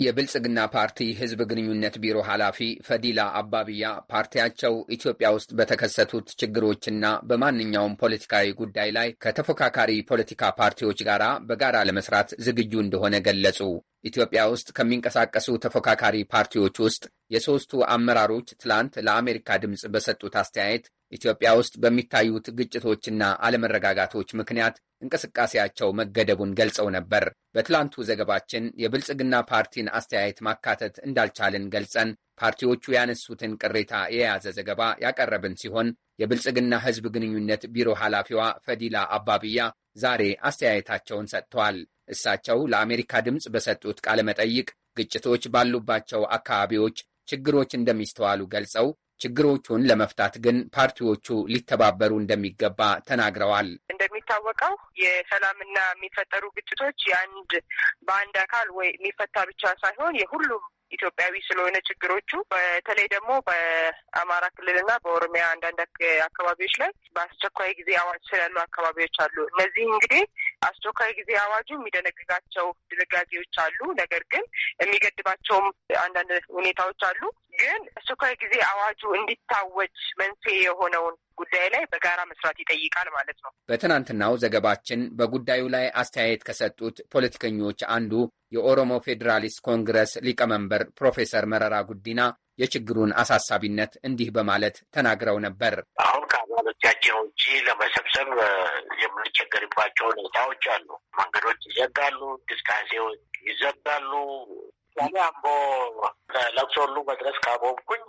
የብልጽግና ፓርቲ ህዝብ ግንኙነት ቢሮ ኃላፊ ፈዲላ አባብያ ፓርቲያቸው ኢትዮጵያ ውስጥ በተከሰቱት ችግሮችና በማንኛውም ፖለቲካዊ ጉዳይ ላይ ከተፎካካሪ ፖለቲካ ፓርቲዎች ጋር በጋራ ለመስራት ዝግጁ እንደሆነ ገለጹ። ኢትዮጵያ ውስጥ ከሚንቀሳቀሱ ተፎካካሪ ፓርቲዎች ውስጥ የሦስቱ አመራሮች ትላንት ለአሜሪካ ድምፅ በሰጡት አስተያየት ኢትዮጵያ ውስጥ በሚታዩት ግጭቶችና አለመረጋጋቶች ምክንያት እንቅስቃሴያቸው መገደቡን ገልጸው ነበር። በትላንቱ ዘገባችን የብልጽግና ፓርቲን አስተያየት ማካተት እንዳልቻልን ገልጸን ፓርቲዎቹ ያነሱትን ቅሬታ የያዘ ዘገባ ያቀረብን ሲሆን የብልጽግና ሕዝብ ግንኙነት ቢሮ ኃላፊዋ ፈዲላ አባብያ ዛሬ አስተያየታቸውን ሰጥተዋል። እሳቸው ለአሜሪካ ድምፅ በሰጡት ቃለ መጠይቅ ግጭቶች ባሉባቸው አካባቢዎች ችግሮች እንደሚስተዋሉ ገልጸው ችግሮቹን ለመፍታት ግን ፓርቲዎቹ ሊተባበሩ እንደሚገባ ተናግረዋል። እንደሚታወቀው የሰላምና የሚፈጠሩ ግጭቶች የአንድ በአንድ አካል ወይ የሚፈታ ብቻ ሳይሆን የሁሉም ኢትዮጵያዊ ስለሆነ ችግሮቹ በተለይ ደግሞ በአማራ ክልልና በኦሮሚያ አንዳንድ አካባቢዎች ላይ በአስቸኳይ ጊዜ አዋጅ ስላሉ አካባቢዎች አሉ። እነዚህ እንግዲህ አስቸኳይ ጊዜ አዋጁ የሚደነግጋቸው ድንጋጌዎች አሉ። ነገር ግን የሚገድባቸውም አንዳንድ ሁኔታዎች አሉ። ግን አስቸኳይ ጊዜ አዋጁ እንዲታወጅ መንስኤ የሆነውን ጉዳይ ላይ በጋራ መስራት ይጠይቃል ማለት ነው። በትናንትናው ዘገባችን በጉዳዩ ላይ አስተያየት ከሰጡት ፖለቲከኞች አንዱ የኦሮሞ ፌዴራሊስት ኮንግረስ ሊቀመንበር ፕሮፌሰር መረራ ጉዲና የችግሩን አሳሳቢነት እንዲህ በማለት ተናግረው ነበር። አሁን ከአባሎቻችን ውጭ ለመሰብሰብ የምንቸገርባቸው ሁኔታዎች አሉ። መንገዶች ይዘጋሉ፣ እንቅስቃሴዎች ይዘጋሉ፣ ለምሳሌ አምቦ ሁሉ መድረስ ካቆምኩኝ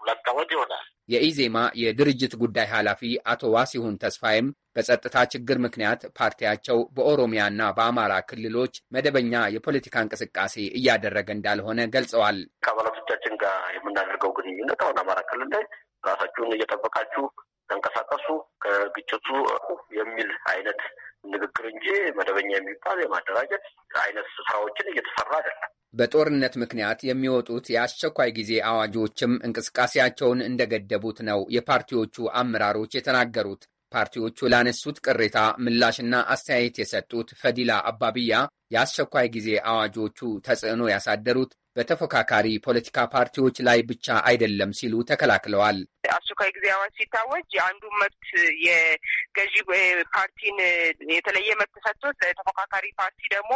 ሁለት ዓመት ይሆናል። የኢዜማ የድርጅት ጉዳይ ኃላፊ አቶ ዋሲሁን ተስፋዬም በጸጥታ ችግር ምክንያት ፓርቲያቸው በኦሮሚያና በአማራ ክልሎች መደበኛ የፖለቲካ እንቅስቃሴ እያደረገ እንዳልሆነ ገልጸዋል። ከአባላቶቻችን ጋር የምናደርገው ግንኙነት አሁን አማራ ክልል ላይ ራሳችሁን እየጠበቃችሁ ተንቀሳቀሱ፣ ከግጭቱ የሚል አይነት ንግግር እንጂ መደበኛ የሚባል የማደራጀት አይነት ስራዎችን እየተሰራ አይደለም። በጦርነት ምክንያት የሚወጡት የአስቸኳይ ጊዜ አዋጆችም እንቅስቃሴያቸውን እንደገደቡት ነው የፓርቲዎቹ አመራሮች የተናገሩት። ፓርቲዎቹ ላነሱት ቅሬታ ምላሽና አስተያየት የሰጡት ፈዲላ አባብያ የአስቸኳይ ጊዜ አዋጆቹ ተጽዕኖ ያሳደሩት በተፎካካሪ ፖለቲካ ፓርቲዎች ላይ ብቻ አይደለም ሲሉ ተከላክለዋል። አስቸኳይ ጊዜ አዋጅ ሲታወጅ የአንዱን መብት ገዢ ፓርቲን የተለየ መብት ሰጥቶት ለተፎካካሪ ፓርቲ ደግሞ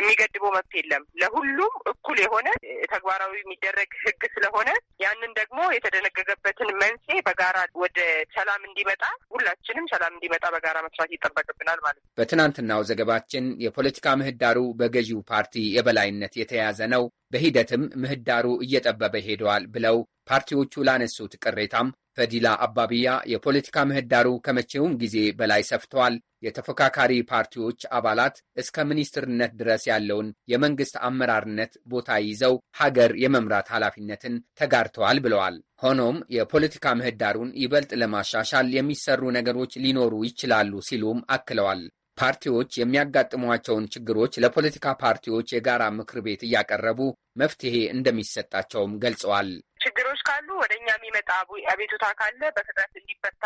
የሚገድበው መብት የለም። ለሁሉም እኩል የሆነ ተግባራዊ የሚደረግ ህግ ስለሆነ ያንን ደግሞ የተደነገገበትን መንስኤ በጋራ ወደ ሰላም እንዲመጣ ሁላችንም ሰላም እንዲመጣ በጋራ መስራት ይጠበቅብናል ማለት ነው። በትናንትናው ዘገባችን የፖለቲካ ምህዳሩ በገዢው ፓርቲ የበላይነት የተያዘ ነው፣ በሂደትም ምህዳሩ እየጠበበ ሄደዋል ብለው ፓርቲዎቹ ላነሱት ቅሬታም ፈዲላ አባብያ የፖለቲካ ምህዳሩ ከመቼውም ጊዜ በላይ ሰፍተዋል። የተፎካካሪ ፓርቲዎች አባላት እስከ ሚኒስትርነት ድረስ ያለውን የመንግስት አመራርነት ቦታ ይዘው ሀገር የመምራት ኃላፊነትን ተጋርተዋል ብለዋል። ሆኖም የፖለቲካ ምህዳሩን ይበልጥ ለማሻሻል የሚሰሩ ነገሮች ሊኖሩ ይችላሉ ሲሉም አክለዋል። ፓርቲዎች የሚያጋጥሟቸውን ችግሮች ለፖለቲካ ፓርቲዎች የጋራ ምክር ቤት እያቀረቡ መፍትሄ እንደሚሰጣቸውም ገልጸዋል። ችግሮች ካሉ ወደ እኛ የሚመጣ አቤቱታ ካለ በፍጥነት እንዲፈታ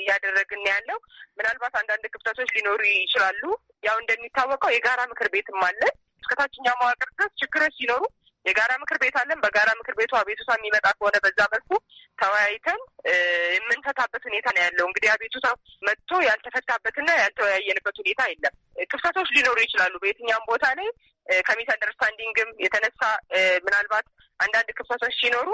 እያደረግን ያለው። ምናልባት አንዳንድ ክፍተቶች ሊኖሩ ይችላሉ። ያው እንደሚታወቀው የጋራ ምክር ቤትም አለ። እስከታችኛው መዋቅር ድረስ ችግሮች ሲኖሩ የጋራ ምክር ቤት አለን። በጋራ ምክር ቤቱ አቤቱታ የሚመጣ ከሆነ በዛ መልኩ ተወያይተን የምንፈታበት ሁኔታ ነው ያለው። እንግዲህ አቤቱታ መጥቶ ያልተፈታበትና ያልተወያየንበት ሁኔታ የለም። ክፍተቶች ሊኖሩ ይችላሉ በየትኛውም ቦታ ላይ ከሚስ አንደርስታንዲንግም የተነሳ ምናልባት አንዳንድ ክፍተቶች ሲኖሩ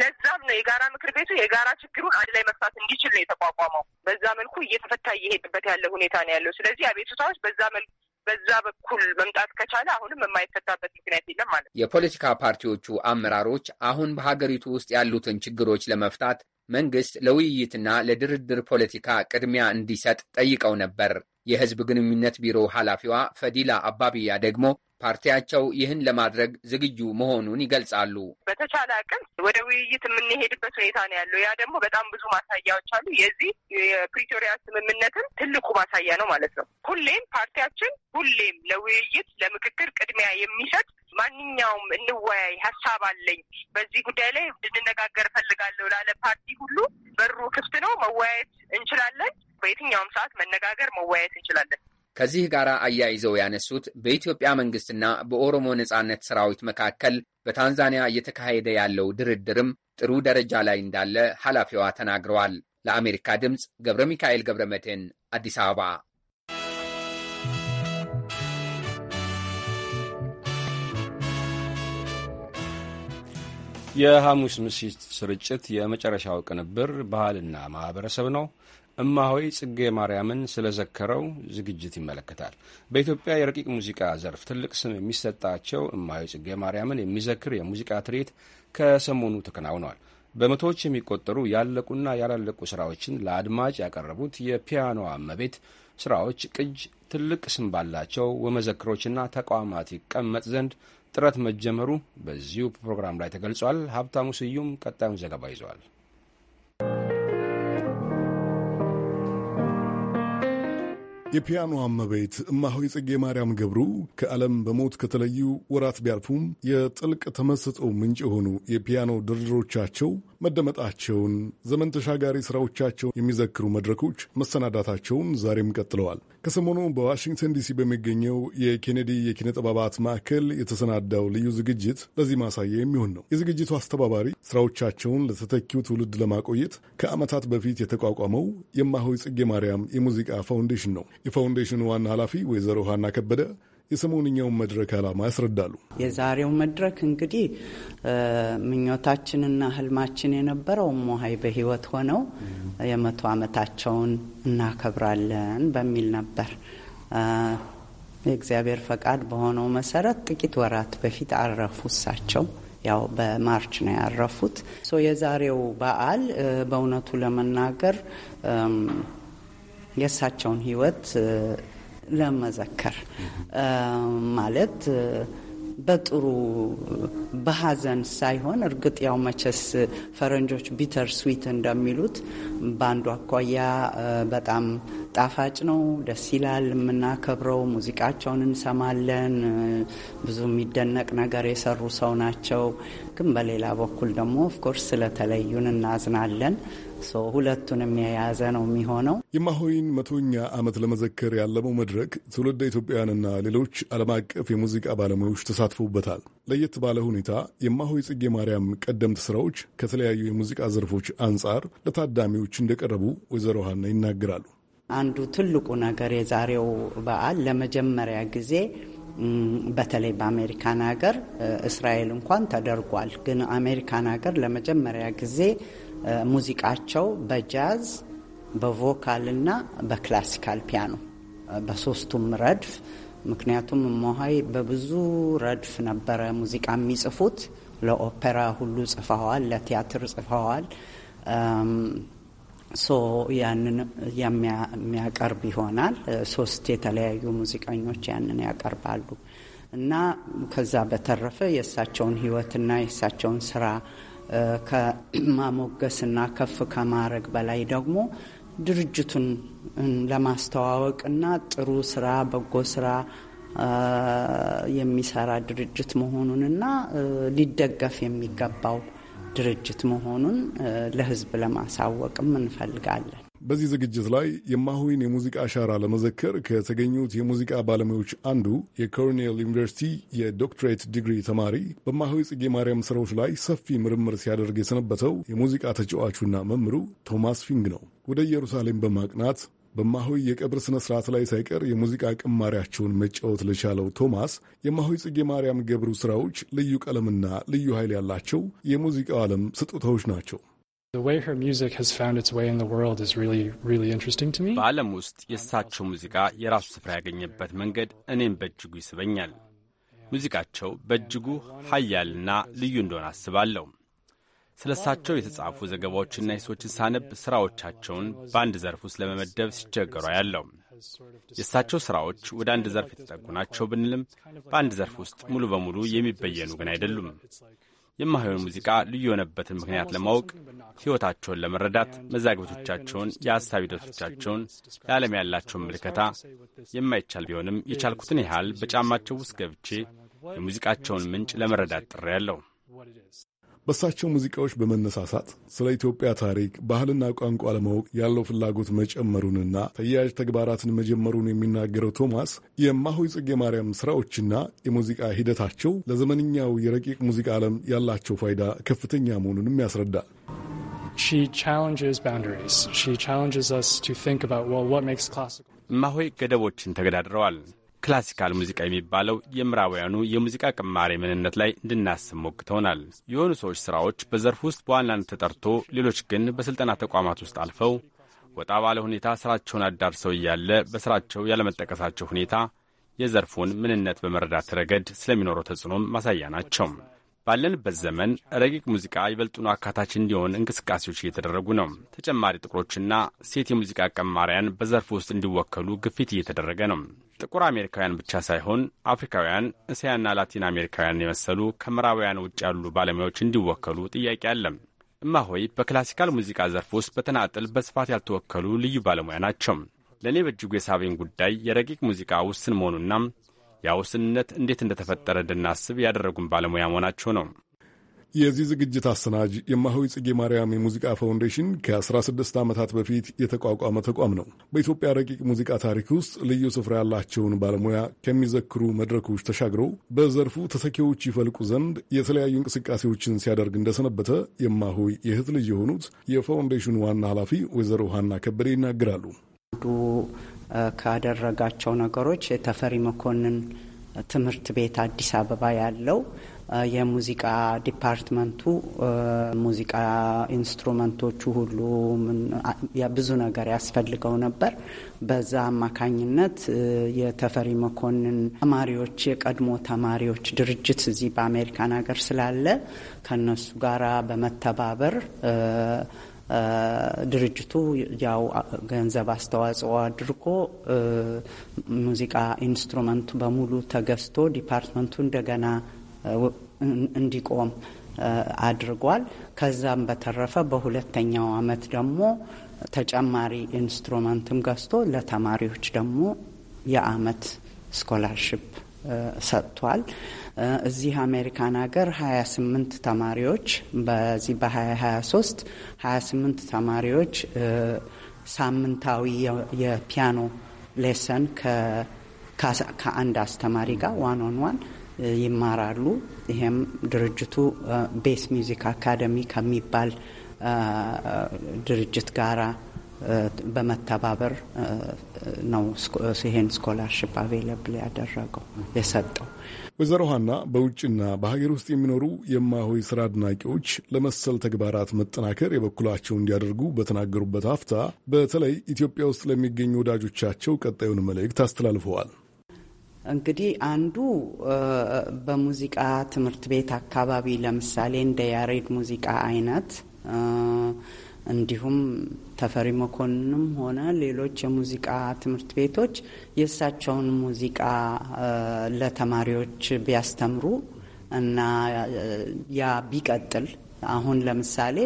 ለዛም ነው የጋራ ምክር ቤቱ የጋራ ችግሩን አንድ ላይ መፍታት እንዲችል ነው የተቋቋመው። በዛ መልኩ እየተፈታ እየሄድበት ያለ ሁኔታ ነው ያለው። ስለዚህ አቤቱታዎች በዛ መልኩ በዛ በኩል መምጣት ከቻለ አሁንም የማይፈታበት ምክንያት የለም ማለት ነው። የፖለቲካ ፓርቲዎቹ አመራሮች አሁን በሀገሪቱ ውስጥ ያሉትን ችግሮች ለመፍታት መንግስት ለውይይትና ለድርድር ፖለቲካ ቅድሚያ እንዲሰጥ ጠይቀው ነበር። የህዝብ ግንኙነት ቢሮ ኃላፊዋ ፈዲላ አባቢያ ደግሞ ፓርቲያቸው ይህን ለማድረግ ዝግጁ መሆኑን ይገልጻሉ። በተቻለ አቅም ወደ ውይይት የምንሄድበት ሁኔታ ነው ያለው። ያ ደግሞ በጣም ብዙ ማሳያዎች አሉ። የዚህ የፕሪቶሪያ ስምምነትም ትልቁ ማሳያ ነው ማለት ነው። ሁሌም ፓርቲያችን ሁሌም ለውይይት ለምክክር ቅድሚያ የሚሰጥ ማንኛውም እንወያይ፣ ሀሳብ አለኝ፣ በዚህ ጉዳይ ላይ እንድንነጋገር እፈልጋለሁ ላለ ፓርቲ ሁሉ በሩ ክፍት ነው። መወያየት እንችላለን። በየትኛውም ሰዓት መነጋገር፣ መወያየት እንችላለን። ከዚህ ጋር አያይዘው ያነሱት በኢትዮጵያ መንግስትና በኦሮሞ ነጻነት ሰራዊት መካከል በታንዛኒያ እየተካሄደ ያለው ድርድርም ጥሩ ደረጃ ላይ እንዳለ ኃላፊዋ ተናግረዋል። ለአሜሪካ ድምፅ ገብረ ሚካኤል ገብረ መድህን አዲስ አበባ። የሐሙስ ምሽት ስርጭት የመጨረሻው ቅንብር ባህልና ማኅበረሰብ ነው። እማሆይ ጽጌ ማርያምን ስለዘከረው ዝግጅት ይመለከታል። በኢትዮጵያ የረቂቅ ሙዚቃ ዘርፍ ትልቅ ስም የሚሰጣቸው እማሆይ ጽጌ ማርያምን የሚዘክር የሙዚቃ ትርኢት ከሰሞኑ ተከናውኗል። በመቶዎች የሚቆጠሩ ያለቁና ያላለቁ ስራዎችን ለአድማጭ ያቀረቡት የፒያኖ እመቤት ስራዎች ቅጅ ትልቅ ስም ባላቸው ወመዘክሮችና ተቋማት ይቀመጥ ዘንድ ጥረት መጀመሩ በዚሁ ፕሮግራም ላይ ተገልጿል። ሀብታሙ ስዩም ቀጣዩን ዘገባ ይዘዋል። የፒያኖ እመቤት እማሆይ ጽጌ ማርያም ገብሩ ከዓለም በሞት ከተለዩ ወራት ቢያልፉም የጥልቅ ተመስጦ ምንጭ የሆኑ የፒያኖ ድርድሮቻቸው መደመጣቸውን፣ ዘመን ተሻጋሪ ስራዎቻቸውን የሚዘክሩ መድረኮች መሰናዳታቸውን ዛሬም ቀጥለዋል። ከሰሞኑ በዋሽንግተን ዲሲ በሚገኘው የኬኔዲ የኪነ ጥበባት ማዕከል የተሰናዳው ልዩ ዝግጅት ለዚህ ማሳያ የሚሆን ነው። የዝግጅቱ አስተባባሪ ስራዎቻቸውን ለተተኪው ትውልድ ለማቆየት ከዓመታት በፊት የተቋቋመው የማሆይ ጽጌ ማርያም የሙዚቃ ፋውንዴሽን ነው። የፋውንዴሽኑ ዋና ኃላፊ ወይዘሮ ሀና ከበደ የሰሞንኛውን መድረክ ዓላማ ያስረዳሉ። የዛሬው መድረክ እንግዲህ ምኞታችንና ህልማችን የነበረው ሞሀይ በህይወት ሆነው የመቶ ዓመታቸውን እናከብራለን በሚል ነበር። የእግዚአብሔር ፈቃድ በሆነው መሰረት ጥቂት ወራት በፊት አረፉ እሳቸው። ያው በማርች ነው ያረፉት። የዛሬው በዓል በእውነቱ ለመናገር የእሳቸውን ህይወት ለመዘከር ማለት በጥሩ በሀዘን ሳይሆን እርግጥ ያው መቼስ ፈረንጆች ቢተር ስዊት እንደሚሉት በአንዱ አኳያ በጣም ጣፋጭ ነው፣ ደስ ይላል፣ የምናከብረው ሙዚቃቸውን እንሰማለን፣ ብዙ የሚደነቅ ነገር የሰሩ ሰው ናቸው። ግን በሌላ በኩል ደግሞ ኦፍኮርስ ስለተለዩን እናዝናለን። ሁለቱንም የያዘ ነው የሚሆነው። የማሆይን መቶኛ ዓመት ለመዘከር ያለመው መድረክ ትውልደ ኢትዮጵያውያንና ሌሎች ዓለም አቀፍ የሙዚቃ ባለሙያዎች ተሳትፎበታል። ለየት ባለ ሁኔታ የማሆይ ጽጌ ማርያም ቀደምት ስራዎች ከተለያዩ የሙዚቃ ዘርፎች አንጻር ለታዳሚዎች እንደቀረቡ ወይዘሮ ሀና ይናገራሉ። አንዱ ትልቁ ነገር የዛሬው በዓል ለመጀመሪያ ጊዜ በተለይ በአሜሪካን ሀገር፣ እስራኤል እንኳን ተደርጓል፣ ግን አሜሪካን ሀገር ለመጀመሪያ ጊዜ ሙዚቃቸው በጃዝ በቮካልና በክላሲካል ፒያኖ በሶስቱም ረድፍ ምክንያቱም እሞሀይ በብዙ ረድፍ ነበረ ሙዚቃ የሚጽፉት። ለኦፔራ ሁሉ ጽፈዋል፣ ለቲያትር ጽፈዋል። ሶ ያንን የሚያቀርብ ይሆናል። ሶስት የተለያዩ ሙዚቀኞች ያንን ያቀርባሉ እና ከዛ በተረፈ የእሳቸውን ህይወትና የእሳቸውን ስራ ከማሞገስና ከፍ ከማድረግ በላይ ደግሞ ድርጅቱን ለማስተዋወቅና ጥሩ ስራ፣ በጎ ስራ የሚሰራ ድርጅት መሆኑንና ሊደገፍ የሚገባው ድርጅት መሆኑን ለሕዝብ ለማሳወቅም እንፈልጋለን። በዚህ ዝግጅት ላይ የማሁይን የሙዚቃ አሻራ ለመዘከር ከተገኙት የሙዚቃ ባለሙያዎች አንዱ የኮርኔል ዩኒቨርሲቲ የዶክትሬት ዲግሪ ተማሪ በማሁይ ጽጌ ማርያም ስራዎች ላይ ሰፊ ምርምር ሲያደርግ የሰነበተው የሙዚቃ ተጫዋቹና መምሩ ቶማስ ፊንግ ነው። ወደ ኢየሩሳሌም በማቅናት በማሆይ የቀብር ስነ ስርዓት ላይ ሳይቀር የሙዚቃ ቅማሪያቸውን መጫወት ለቻለው ቶማስ የማሆይ ጽጌ ማርያም ገብሩ ስራዎች ልዩ ቀለምና ልዩ ኃይል ያላቸው የሙዚቃው ዓለም ስጦታዎች ናቸው። በዓለም ውስጥ የእሳቸው ሙዚቃ የራሱ ስፍራ ያገኘበት መንገድ እኔም በእጅጉ ይስበኛል። ሙዚቃቸው በእጅጉ ኃያልና ልዩ እንደሆነ አስባለሁ። ስለ እሳቸው የተጻፉ ዘገባዎችና ሂሶችን ሳነብ ሥራዎቻቸውን በአንድ ዘርፍ ውስጥ ለመመደብ ሲቸገሩ አያለው። የእሳቸው ሥራዎች ወደ አንድ ዘርፍ የተጠጉ ናቸው ብንልም በአንድ ዘርፍ ውስጥ ሙሉ በሙሉ የሚበየኑ ግን አይደሉም። የማይሆን ሙዚቃ ልዩ የሆነበትን ምክንያት ለማወቅ ሕይወታቸውን ለመረዳት መዛግብቶቻቸውን፣ የሐሳብ ሂደቶቻቸውን፣ ለዓለም ያላቸውን ምልከታ የማይቻል ቢሆንም የቻልኩትን ያህል በጫማቸው ውስጥ ገብቼ የሙዚቃቸውን ምንጭ ለመረዳት ጥሬ ያለው በእሳቸው ሙዚቃዎች በመነሳሳት ስለ ኢትዮጵያ ታሪክ፣ ባህልና ቋንቋ ለማወቅ ያለው ፍላጎት መጨመሩንና ተያያዥ ተግባራትን መጀመሩን የሚናገረው ቶማስ የማሆይ ጽጌ ማርያም ስራዎችና የሙዚቃ ሂደታቸው ለዘመንኛው የረቂቅ ሙዚቃ ዓለም ያላቸው ፋይዳ ከፍተኛ መሆኑንም ያስረዳል። እማሆይ ገደቦችን ተገዳድረዋል። ክላሲካል ሙዚቃ የሚባለው የምዕራባውያኑ የሙዚቃ ቅማሬ ምንነት ላይ እንድናስብ ሞክተውናል። የሆኑ ሰዎች ሥራዎች በዘርፍ ውስጥ በዋናነት ተጠርቶ፣ ሌሎች ግን በሥልጠና ተቋማት ውስጥ አልፈው ወጣ ባለ ሁኔታ ሥራቸውን አዳርሰው እያለ በሥራቸው ያለመጠቀሳቸው ሁኔታ የዘርፉን ምንነት በመረዳት ረገድ ስለሚኖረው ተጽዕኖም ማሳያ ናቸው። ባለንበት ዘመን ረቂቅ ሙዚቃ ይበልጡኑ አካታች እንዲሆን እንቅስቃሴዎች እየተደረጉ ነው። ተጨማሪ ጥቁሮችና ሴት የሙዚቃ ቀማሪያን በዘርፉ ውስጥ እንዲወከሉ ግፊት እየተደረገ ነው። ጥቁር አሜሪካውያን ብቻ ሳይሆን አፍሪካውያን፣ እስያና ላቲን አሜሪካውያን የመሰሉ ከምዕራባውያን ውጭ ያሉ ባለሙያዎች እንዲወከሉ ጥያቄ አለ። እማሆይ በክላሲካል ሙዚቃ ዘርፍ ውስጥ በተናጥል በስፋት ያልተወከሉ ልዩ ባለሙያ ናቸው። ለእኔ በእጅጉ የሳቤን ጉዳይ የረቂቅ ሙዚቃ ውስን መሆኑና ያ ውስንነት እንዴት እንደተፈጠረ እንድናስብ ያደረጉን ባለሙያ መሆናቸው ነው። የዚህ ዝግጅት አሰናጅ የማሆይ ጽጌ ማርያም የሙዚቃ ፋውንዴሽን ከ16 ዓመታት በፊት የተቋቋመ ተቋም ነው። በኢትዮጵያ ረቂቅ ሙዚቃ ታሪክ ውስጥ ልዩ ስፍራ ያላቸውን ባለሙያ ከሚዘክሩ መድረኮች ተሻግሮ በዘርፉ ተተኪዎች ይፈልቁ ዘንድ የተለያዩ እንቅስቃሴዎችን ሲያደርግ እንደሰነበተ የማሆይ የእህት ልጅ የሆኑት የፋውንዴሽኑ ዋና ኃላፊ ወይዘሮ ሀና ከበደ ይናገራሉ። ካደረጋቸው ነገሮች የተፈሪ መኮንን ትምህርት ቤት አዲስ አበባ ያለው የሙዚቃ ዲፓርትመንቱ ሙዚቃ ኢንስትሩመንቶቹ ሁሉ ብዙ ነገር ያስፈልገው ነበር። በዛ አማካኝነት የተፈሪ መኮንን ተማሪዎች የቀድሞ ተማሪዎች ድርጅት እዚህ በአሜሪካን ሀገር ስላለ ከነሱ ጋራ በመተባበር ድርጅቱ ያው ገንዘብ አስተዋጽኦ አድርጎ ሙዚቃ ኢንስትሩመንቱ በሙሉ ተገዝቶ ዲፓርትመንቱ እንደገና እንዲቆም አድርጓል። ከዛም በተረፈ በሁለተኛው አመት ደግሞ ተጨማሪ ኢንስትሩመንትም ገዝቶ ለተማሪዎች ደግሞ የአመት ስኮላርሽፕ ሰጥቷል። እዚህ አሜሪካን ሀገር 28 ተማሪዎች በዚህ በ2023 28 ተማሪዎች ሳምንታዊ የፒያኖ ሌሰን ከአንድ አስተማሪ ጋር ዋን ኦን ዋን ይማራሉ። ይሄም ድርጅቱ ቤስ ሚውዚክ አካደሚ ከሚባል ድርጅት ጋራ በመተባበር ነው ይሄን ስኮላርሽፕ አቬለብል ያደረገው የሰጠው። ወይዘሮ ሀና በውጭና በሀገር ውስጥ የሚኖሩ የማሆይ ስራ አድናቂዎች ለመሰል ተግባራት መጠናከር የበኩላቸው እንዲያደርጉ በተናገሩበት ሀፍታ በተለይ ኢትዮጵያ ውስጥ ለሚገኙ ወዳጆቻቸው ቀጣዩን መልእክት አስተላልፈዋል። እንግዲህ አንዱ በሙዚቃ ትምህርት ቤት አካባቢ ለምሳሌ እንደ ያሬድ ሙዚቃ አይነት እንዲሁም ተፈሪ መኮንንም ሆነ ሌሎች የሙዚቃ ትምህርት ቤቶች የእሳቸውን ሙዚቃ ለተማሪዎች ቢያስተምሩ እና ያ ቢቀጥል አሁን ለምሳሌ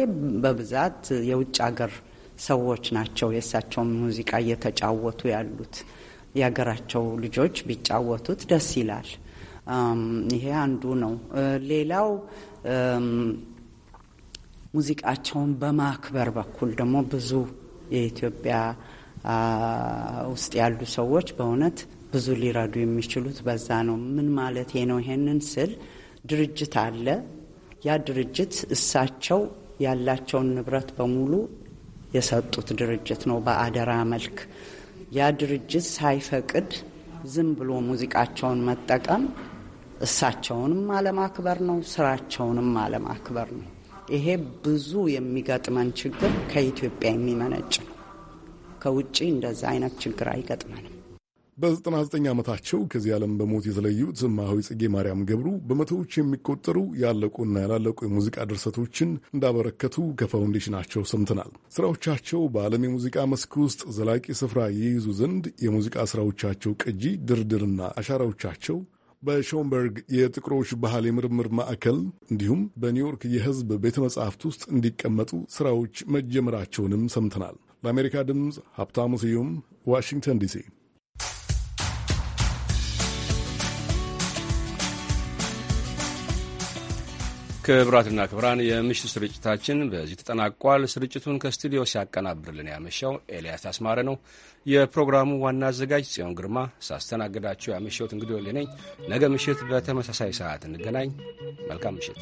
በብዛት የውጭ አገር ሰዎች ናቸው የእሳቸውን ሙዚቃ እየተጫወቱ ያሉት። የሀገራቸው ልጆች ቢጫወቱት ደስ ይላል። ይሄ አንዱ ነው። ሌላው ሙዚቃቸውን በማክበር በኩል ደግሞ ብዙ የኢትዮጵያ ውስጥ ያሉ ሰዎች በእውነት ብዙ ሊረዱ የሚችሉት በዛ ነው። ምን ማለት ነው? ይሄንን ስል ድርጅት አለ። ያ ድርጅት እሳቸው ያላቸውን ንብረት በሙሉ የሰጡት ድርጅት ነው በአደራ መልክ። ያ ድርጅት ሳይፈቅድ ዝም ብሎ ሙዚቃቸውን መጠቀም እሳቸውንም አለማክበር ነው፣ ስራቸውንም አለማክበር ነው። ይሄ ብዙ የሚገጥመን ችግር ከኢትዮጵያ የሚመነጭ ነው። ከውጭ እንደዛ አይነት ችግር አይገጥመንም። በ99 ዓመታቸው ከዚህ ዓለም በሞት የተለዩት እማሆይ ጽጌ ማርያም ገብሩ በመቶዎች የሚቆጠሩ ያለቁና ያላለቁ የሙዚቃ ድርሰቶችን እንዳበረከቱ ከፋውንዴሽናቸው ሰምተናል። ስራዎቻቸው በዓለም የሙዚቃ መስክ ውስጥ ዘላቂ ስፍራ ይይዙ ዘንድ የሙዚቃ ስራዎቻቸው ቅጂ ድርድርና አሻራዎቻቸው በሾምበርግ የጥቁሮች ባህል የምርምር ማዕከል እንዲሁም በኒውዮርክ የሕዝብ ቤተ መጻሕፍት ውስጥ እንዲቀመጡ ስራዎች መጀመራቸውንም ሰምተናል። ለአሜሪካ ድምፅ ሀብታሙ ስዩም ዋሽንግተን ዲሲ ክብራትና ክብራን የምሽት ስርጭታችን በዚህ ተጠናቋል። ስርጭቱን ከስቱዲዮ ሲያቀናብርልን ያመሻው ኤልያስ አስማረ ነው። የፕሮግራሙ ዋና አዘጋጅ ጽዮን ግርማ፣ ሳስተናግዳችሁ ያመሻውት እንግዲህ ወሌ ነኝ። ነገ ምሽት በተመሳሳይ ሰዓት እንገናኝ። መልካም ምሽት